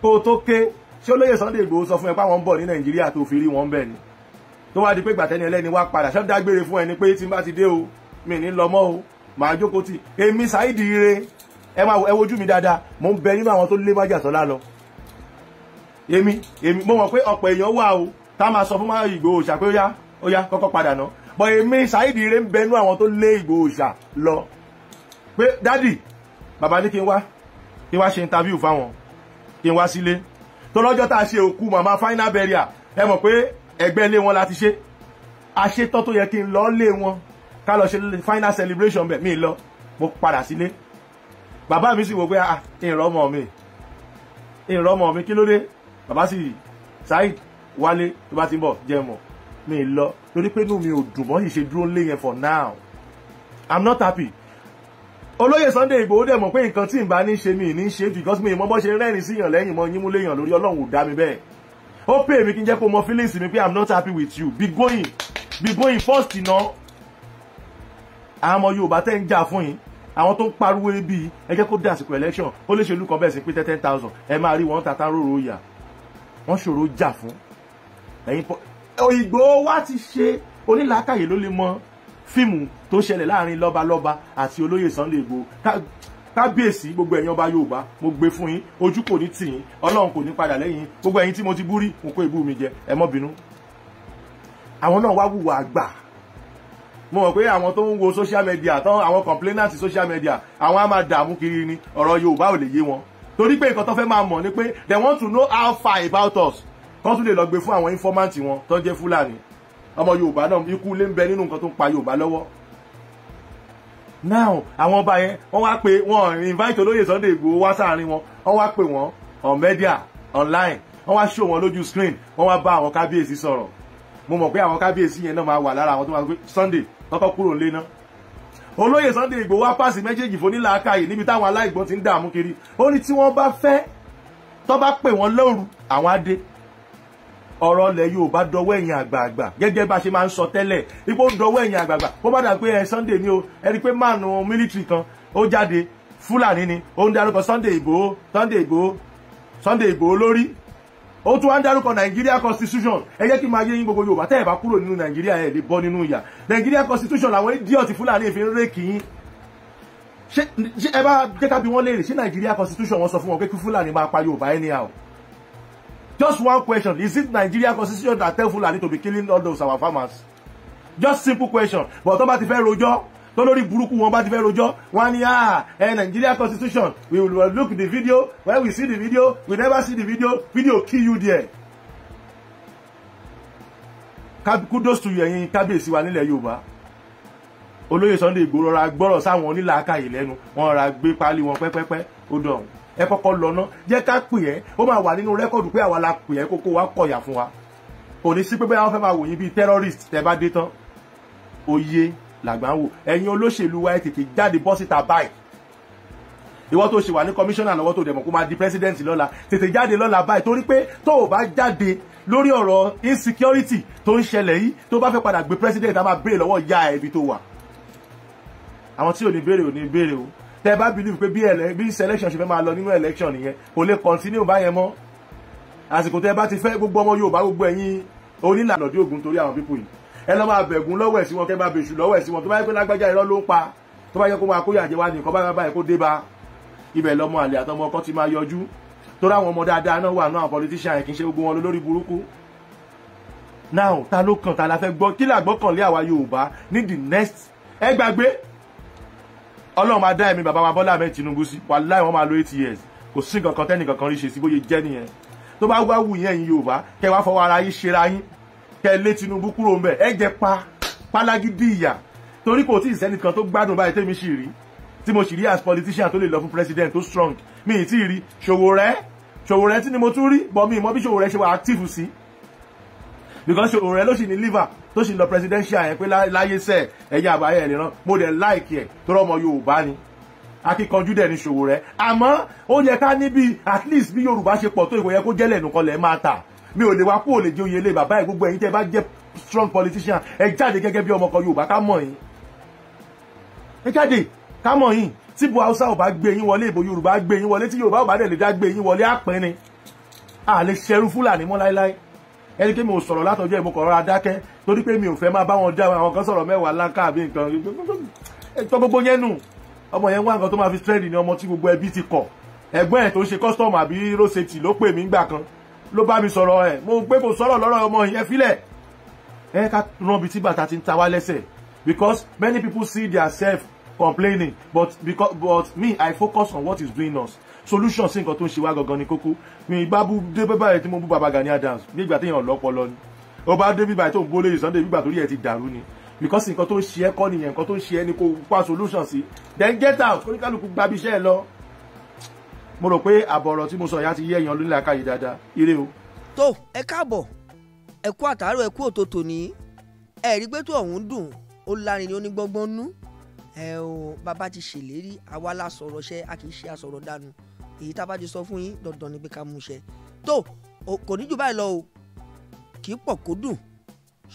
kó tó ké ṣé olóyè Sunday Igboho sọ fún ẹ pé àwọn ń bọ̀ ní Nàìjíríà tó fi rí wọn bẹ̀ ni tó wá di pé gbàtẹ́ni ẹlẹ́ni wá padà ṣé dágbére fún ẹni pé tí n bá ti dé o mi ní lọ mọ́ o màá jókòó tì èmi Saheed Ire ẹ máa ẹ wojú mi dáadáa mò ń bẹ nínú àwọn tó lé májàsọ́lá lọ èmi èmi mo mọ̀ pé ọ̀pọ̀ èèyàn wà o tá máa sọ fún máa Igboho ṣàpé ó yá ó yá kọ́kọ́ padà náà bọ̀ èmi Saheed Ire ń bẹnu àwọn tó lé Ìgbòho ṣà lọ pé dádì bàbá ní kí n wá kí n wá ṣe interview fáwọn kí n wá sílé tó lọ́jọ́ tá a ṣe òkú màmá final burial ẹ mọ̀ pé ẹgbẹ́ ilé wọn la ti ṣe àṣetọ́ tó yẹ kí n lọ lé wọn ká lọ ṣe final celebration bẹ̀ mí lọ mo padà sílé bàbá mi sì wò pé ah ìrọmọ mi ìrọmọ mi kí ló dé bàbá sì Saheed Wálé tó bá ti ń bọ̀ jẹ́ mọ̀ mi lọ torí pé inú mi ò dùn mọ́ ṣìṣe dúró lé yẹn for now i'm not happy olóyè Sunday Igboho dẹ̀ mọ̀ pé nǹkan tí n bá ní ṣe mi ní ṣe because mi ìmọ̀ bọ́ ṣe rẹ́rìn sí yàn lẹ́yìn mọ́ yín mú léyàn lórí ọlọ́run ò dá mi bẹ́ẹ̀ ó pè mí kí n jẹ́ kó mọ feelings mi pé i'm not happy with you be going be going first iná àwọn ọmọ Yorùbá tẹ́ ń jà fún yín àwọn tó ń pariwo ebi ẹ jẹ́ kó dé àsìkò election ó lè ṣe olú kan bẹ́ẹ̀ sí pé ten thousand ẹ máa rí wọn tata róró yà wọ́n ṣòro jà fún ẹ̀yin òyìnbó wa ti ṣe onílàákàyè ló lè mọ fíìmù tó ṣẹlẹ̀ láàrin lọ́balọ́ba àti olóyè Sunday Igboho kábíyèsí gbogbo ẹ̀yin ọba Yorùbá mo gbé fún yín ojú kò ní tì yín Ọlọ́run kò ní padà lẹ́yìn gbogbo ẹ̀yin tí mo ti bú rí mo kó ìbú mi jẹ ẹ mọ́ bínú. àwọn náà wá wùwà àgbà mo mọ̀ pé àwọn tó ń wo social media tán àwọn complainant social media àwọn á máa dààmú kiri ni ọ̀rọ̀ Yorùbá ò lè yé wọn torí pé nǹkan tó fẹ́ máa mọ̀ ni pé they want to know how far about us kán tún lè lọ gbé fún àwọn ínfọ́mántì wọn tó ń jẹ́ fúlàní ọmọ yorùbá náà ikú lé ń bẹ nínú nǹkan tó ń pa yorùbá lọ́wọ́ now àwọn ọba yẹn wọ́n wá pé wọ́n invite olóyè Sunday Igboho wá sáàrin wọn wọ́n wá pè wọ́n on media online wọ́n wá show wọn lójú screen wọ́n wá bá àwọn kábíyèsí sọ̀rọ̀ mo mọ̀ pé àwọn kábíyèsí yẹn náà máa wà lára àwọn tó máa gbé Sunday kọ́kọ́ kúrò nílé náà olóyè Sunday Igboho wá pàṣẹ méjèèjì fún nílàákàyè níbi táwọn aláìgbọ́n ti ń dààmú kiri ó ní tí wọ́n bá fẹ́ tó bá pè wọ́n lóru àwọn adé ọ̀rọ̀ ilẹ̀ Yorùbá dọwọ́ ẹ̀yin àgbààgbà gẹ́gẹ́ bá ṣe máa ń sọ tẹ́lẹ̀ ipò dọwọ́ ẹ̀yin àgbààgbà ó má dà pé ẹ Sunday ni o ẹ rí i pé máàlù mílítìrì kan ó jáde Fúlàní ni ó ń darúkọ Sunday Ìgbòho Sunday Ìgbòho Sunday Ìgbòho lórí ó tún wá ń dárúkọ nàìjíríà constitution ẹ jẹ́ kí n máa yé yín gbogbo yorùbá tẹ́ ẹ̀ bá kúrò nínú nàìjíríà ẹ̀ lè bọ́ nínú ìyà nàìjíríà constitution làwọn idiot fúlàní fi ń rékì yín ṣé ẹ bá jẹ́ ká bí wọ́n léèrè ṣé nàìjíríà constitution wọ́n sọ fún wọn pé kí fúlàní máa pa yorùbá anyhow Just one question. Is it Nigeria constitution that tell Fulani to be killing all those our farmers? Just simple question. But tó bá ti fẹ́ rojọ́, tó lórí burúkú wọn bá ti fẹ́ rojọ́, wọ́n ní ah, eh, Nigeria constitution, we will look the video, when we see the video, we never see the video, video kill you there. Kudos to you ẹ̀yin kábíyèsí siwanile yuba. Yorùbá. Sunday Igboho rọra gbọ́rọ̀ sáwọn onílàákàyè lẹ́nu, wọ́n rọra gbé pálí wọn pẹ́pẹ́pẹ́, ó dọ̀hún ẹ kọ́kọ́ lọ ná jẹ́ ká pè ẹ́ ó máa wà nínú rẹ́kọ̀dù pé àwa la pè ẹ́ kókó wa kọ̀yà fún wa kò ní sí pé bẹ́ẹ̀ wọ́n fẹ́ máa wò yín bíi terrorist tẹ́ bá dé tán oyè làgbà ń wò ẹ̀yin olóṣèlú wa ẹ tètè jáde bọ́ síta báyìí ìwọ tó ṣe wà ní kọmíṣánná lọ́wọ́ tó dẹ̀mọ̀ kó máa di president lọ́la tètè jáde lọ́la báyìí torí pé tó o bá jáde lórí ọ̀rọ̀ insecurity tó ń ṣẹlẹ̀ yìí tó bá fẹ́ padà gbé president a máa béèrè lọ́wọ́ ya ẹbí tó wà àwọn tí ò ní béèrè ò ní béèrè o tẹ bá believe pé bí ẹlẹ bí selection ṣe fẹ́ máa lọ nínú election nìyẹn kò lè continue báyẹn mọ́ àsìkò tẹ bá ti fẹ́ gbogbo ọmọ Yorùbá gbogbo ẹ̀yin onílànà dí ògùn torí àwọn pípò yìí ẹ lọ́ máa bẹ̀gùn lọ́wọ́ ẹ̀ sí wọn kẹ́ máa bèṣù lọ́wọ́ ẹ̀ sí wọn tó bá yẹ pé lágbájá irọ́ ló ń pa tó bá yẹ kó máa kó yàjẹ́ wá nìkan bá báyìí kó dé bá ibẹ̀ lọ́mọ àlè àtọmọ ọkọ ti máa yọjú tó ráwọn ọmọ dáadáa náà wà náà àwọn politician ẹ̀ kì í ṣe gbogbo wọn lórí burúkú now ta ló kàn ta la fẹ́ gbọ́ kí làgbọ́kànlé àwa Yorùbá ní the next ẹ gbàgbé ọlọ́run máa dá ẹ̀mí bàbá wa bọ́lá ahmed tinubu sí wàláì wọ́n máa lo eight years kò sí nǹkan kan tẹ́nìkan kan rí ṣe sí bóyá jẹ́ nìyẹn tó bá wá wù yín ẹ̀yin yorùbá kẹ wá fọwọ́ ara yín ṣera yín kẹ lé tinubu kúrò ń bẹ̀ ẹ jẹ pa pálágídí ìyà torí kò tí ì sẹ́nìkan tó gbádùn báyìí tẹ́mi sì rí tí mo sì rí as politician tó lè lọ fún president tó strong mi ì tí ì rí Sowore Sowore tí ni mo tún rí bọ́ mi ì mọ bí Sowore ṣe wà active sí because Sowore ló sì ní liver tó sì lọ presidential yẹn pé láyé sẹ ẹ̀yin àbáyé ẹ̀ nìran mo dẹ̀ láìkì ẹ̀ tó rọ́ ọmọ Yorùbá ni akíkanjú dẹ̀ ní ṣòwò rẹ̀ àmọ́ ó yẹ ká níbi at least bí Yorùbá ṣe pọ̀ tó ìwọ yẹ kó jẹ́lẹ̀ nìkan lẹ̀ máa tà mi ò lè wá kú ò lè jẹ oyè ilé bàbá ẹ̀ gbogbo ẹ̀yin tẹ́ bá jẹ́ strong politician ẹ jáde gẹ́gẹ́ bí ọmọ kan Yorùbá ká mọ̀ yín ẹ jáde ká mọ̀ yín tí bu Hausa ò bá gbé yín wọlé ìbò Yorùbá gbé yín wọlé tí Yorùbá ò bá dẹ̀ lè dá gbé yín wọlé àpín ni à lè ṣerú Fúlàní mọ́ láéláé ẹni kí mi ò sọ̀rọ̀ látọjọ́ ìmọ̀kànrán adákẹ́ torí pé mi ò fẹ́ máa bá wọn já àwọn kan sọ̀rọ̀ mẹ́wàá láńkà àbí nǹkan tọ́ gbogbo yẹn nù ọmọ yẹn wá nǹkan tó máa fi strẹ́ẹ̀dì ni ọmọ tí gbogbo ẹbí ti kọ̀ ẹ̀gbọ́n ẹ̀ tó ń ṣe kọ́sítọ́ọ̀mù àbí róṣètì ló pè mí gbà kan ló bá mi sọ̀rọ̀ ẹ̀ mo pé kò sọ̀rọ̀ lọ́rọ̀ ọmọ yẹn filẹ̀ ẹ ká rọbi tí bàtà ti ń ta wá lẹ́sẹ̀ because many people see their self complaining but because but me I focus on what is doing us solution sí nǹkan tó ń ṣe wá gangan ní kókó mi ìgbà bú dé bẹ́ẹ̀ báyìí tí mo bú baba Gani Adams bí ìgbà téèyàn lọ́pọ̀ lọ ni ó bá dé bíbá tó ń bó lórí Sunday bíbá torí ẹ ti dàrú ni because nǹkan tó ń ṣe ẹ́ kọ́ nìyẹn nǹkan tó ń ṣe ẹ́ kò wá solution sí then get out kóníkálukú gba ibi iṣẹ́ ẹ lọ mo rò pé àbọ̀rọ̀ tí mo sọ ìyá ti yé èèyàn lónìí àkàyè dáadáa ire o. tó ẹ káàbọ̀ ẹ kú àtàárọ̀ ẹ kú òtòtò ní ẹ rí pé tó ọ̀hún dùn ó lárin ni ó ní gbọ́ngbọ́n nú ẹ o bàbá ti ṣèlérí àwa la sọ̀rọ̀ ṣẹ́ a kì í ṣe àsọ̀rọ̀ dànù èyí tá a bá ti sọ fún yín dandan ni pé ká mú ṣẹ tó kò ní jù báyìí lọ o kì í pọ̀ kó dùn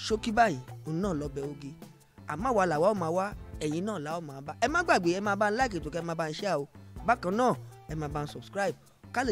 ṣókí báyìí òun náà lọ́bẹ̀ oge àmọ́ àwa làwa ò máa ẹ̀yin náà làwa ò bá ẹ má gbàgbé ẹ máa bá ń like ètò kẹ́ ẹ máa bá ń share o bákan náà ẹ máa bá ń subscribe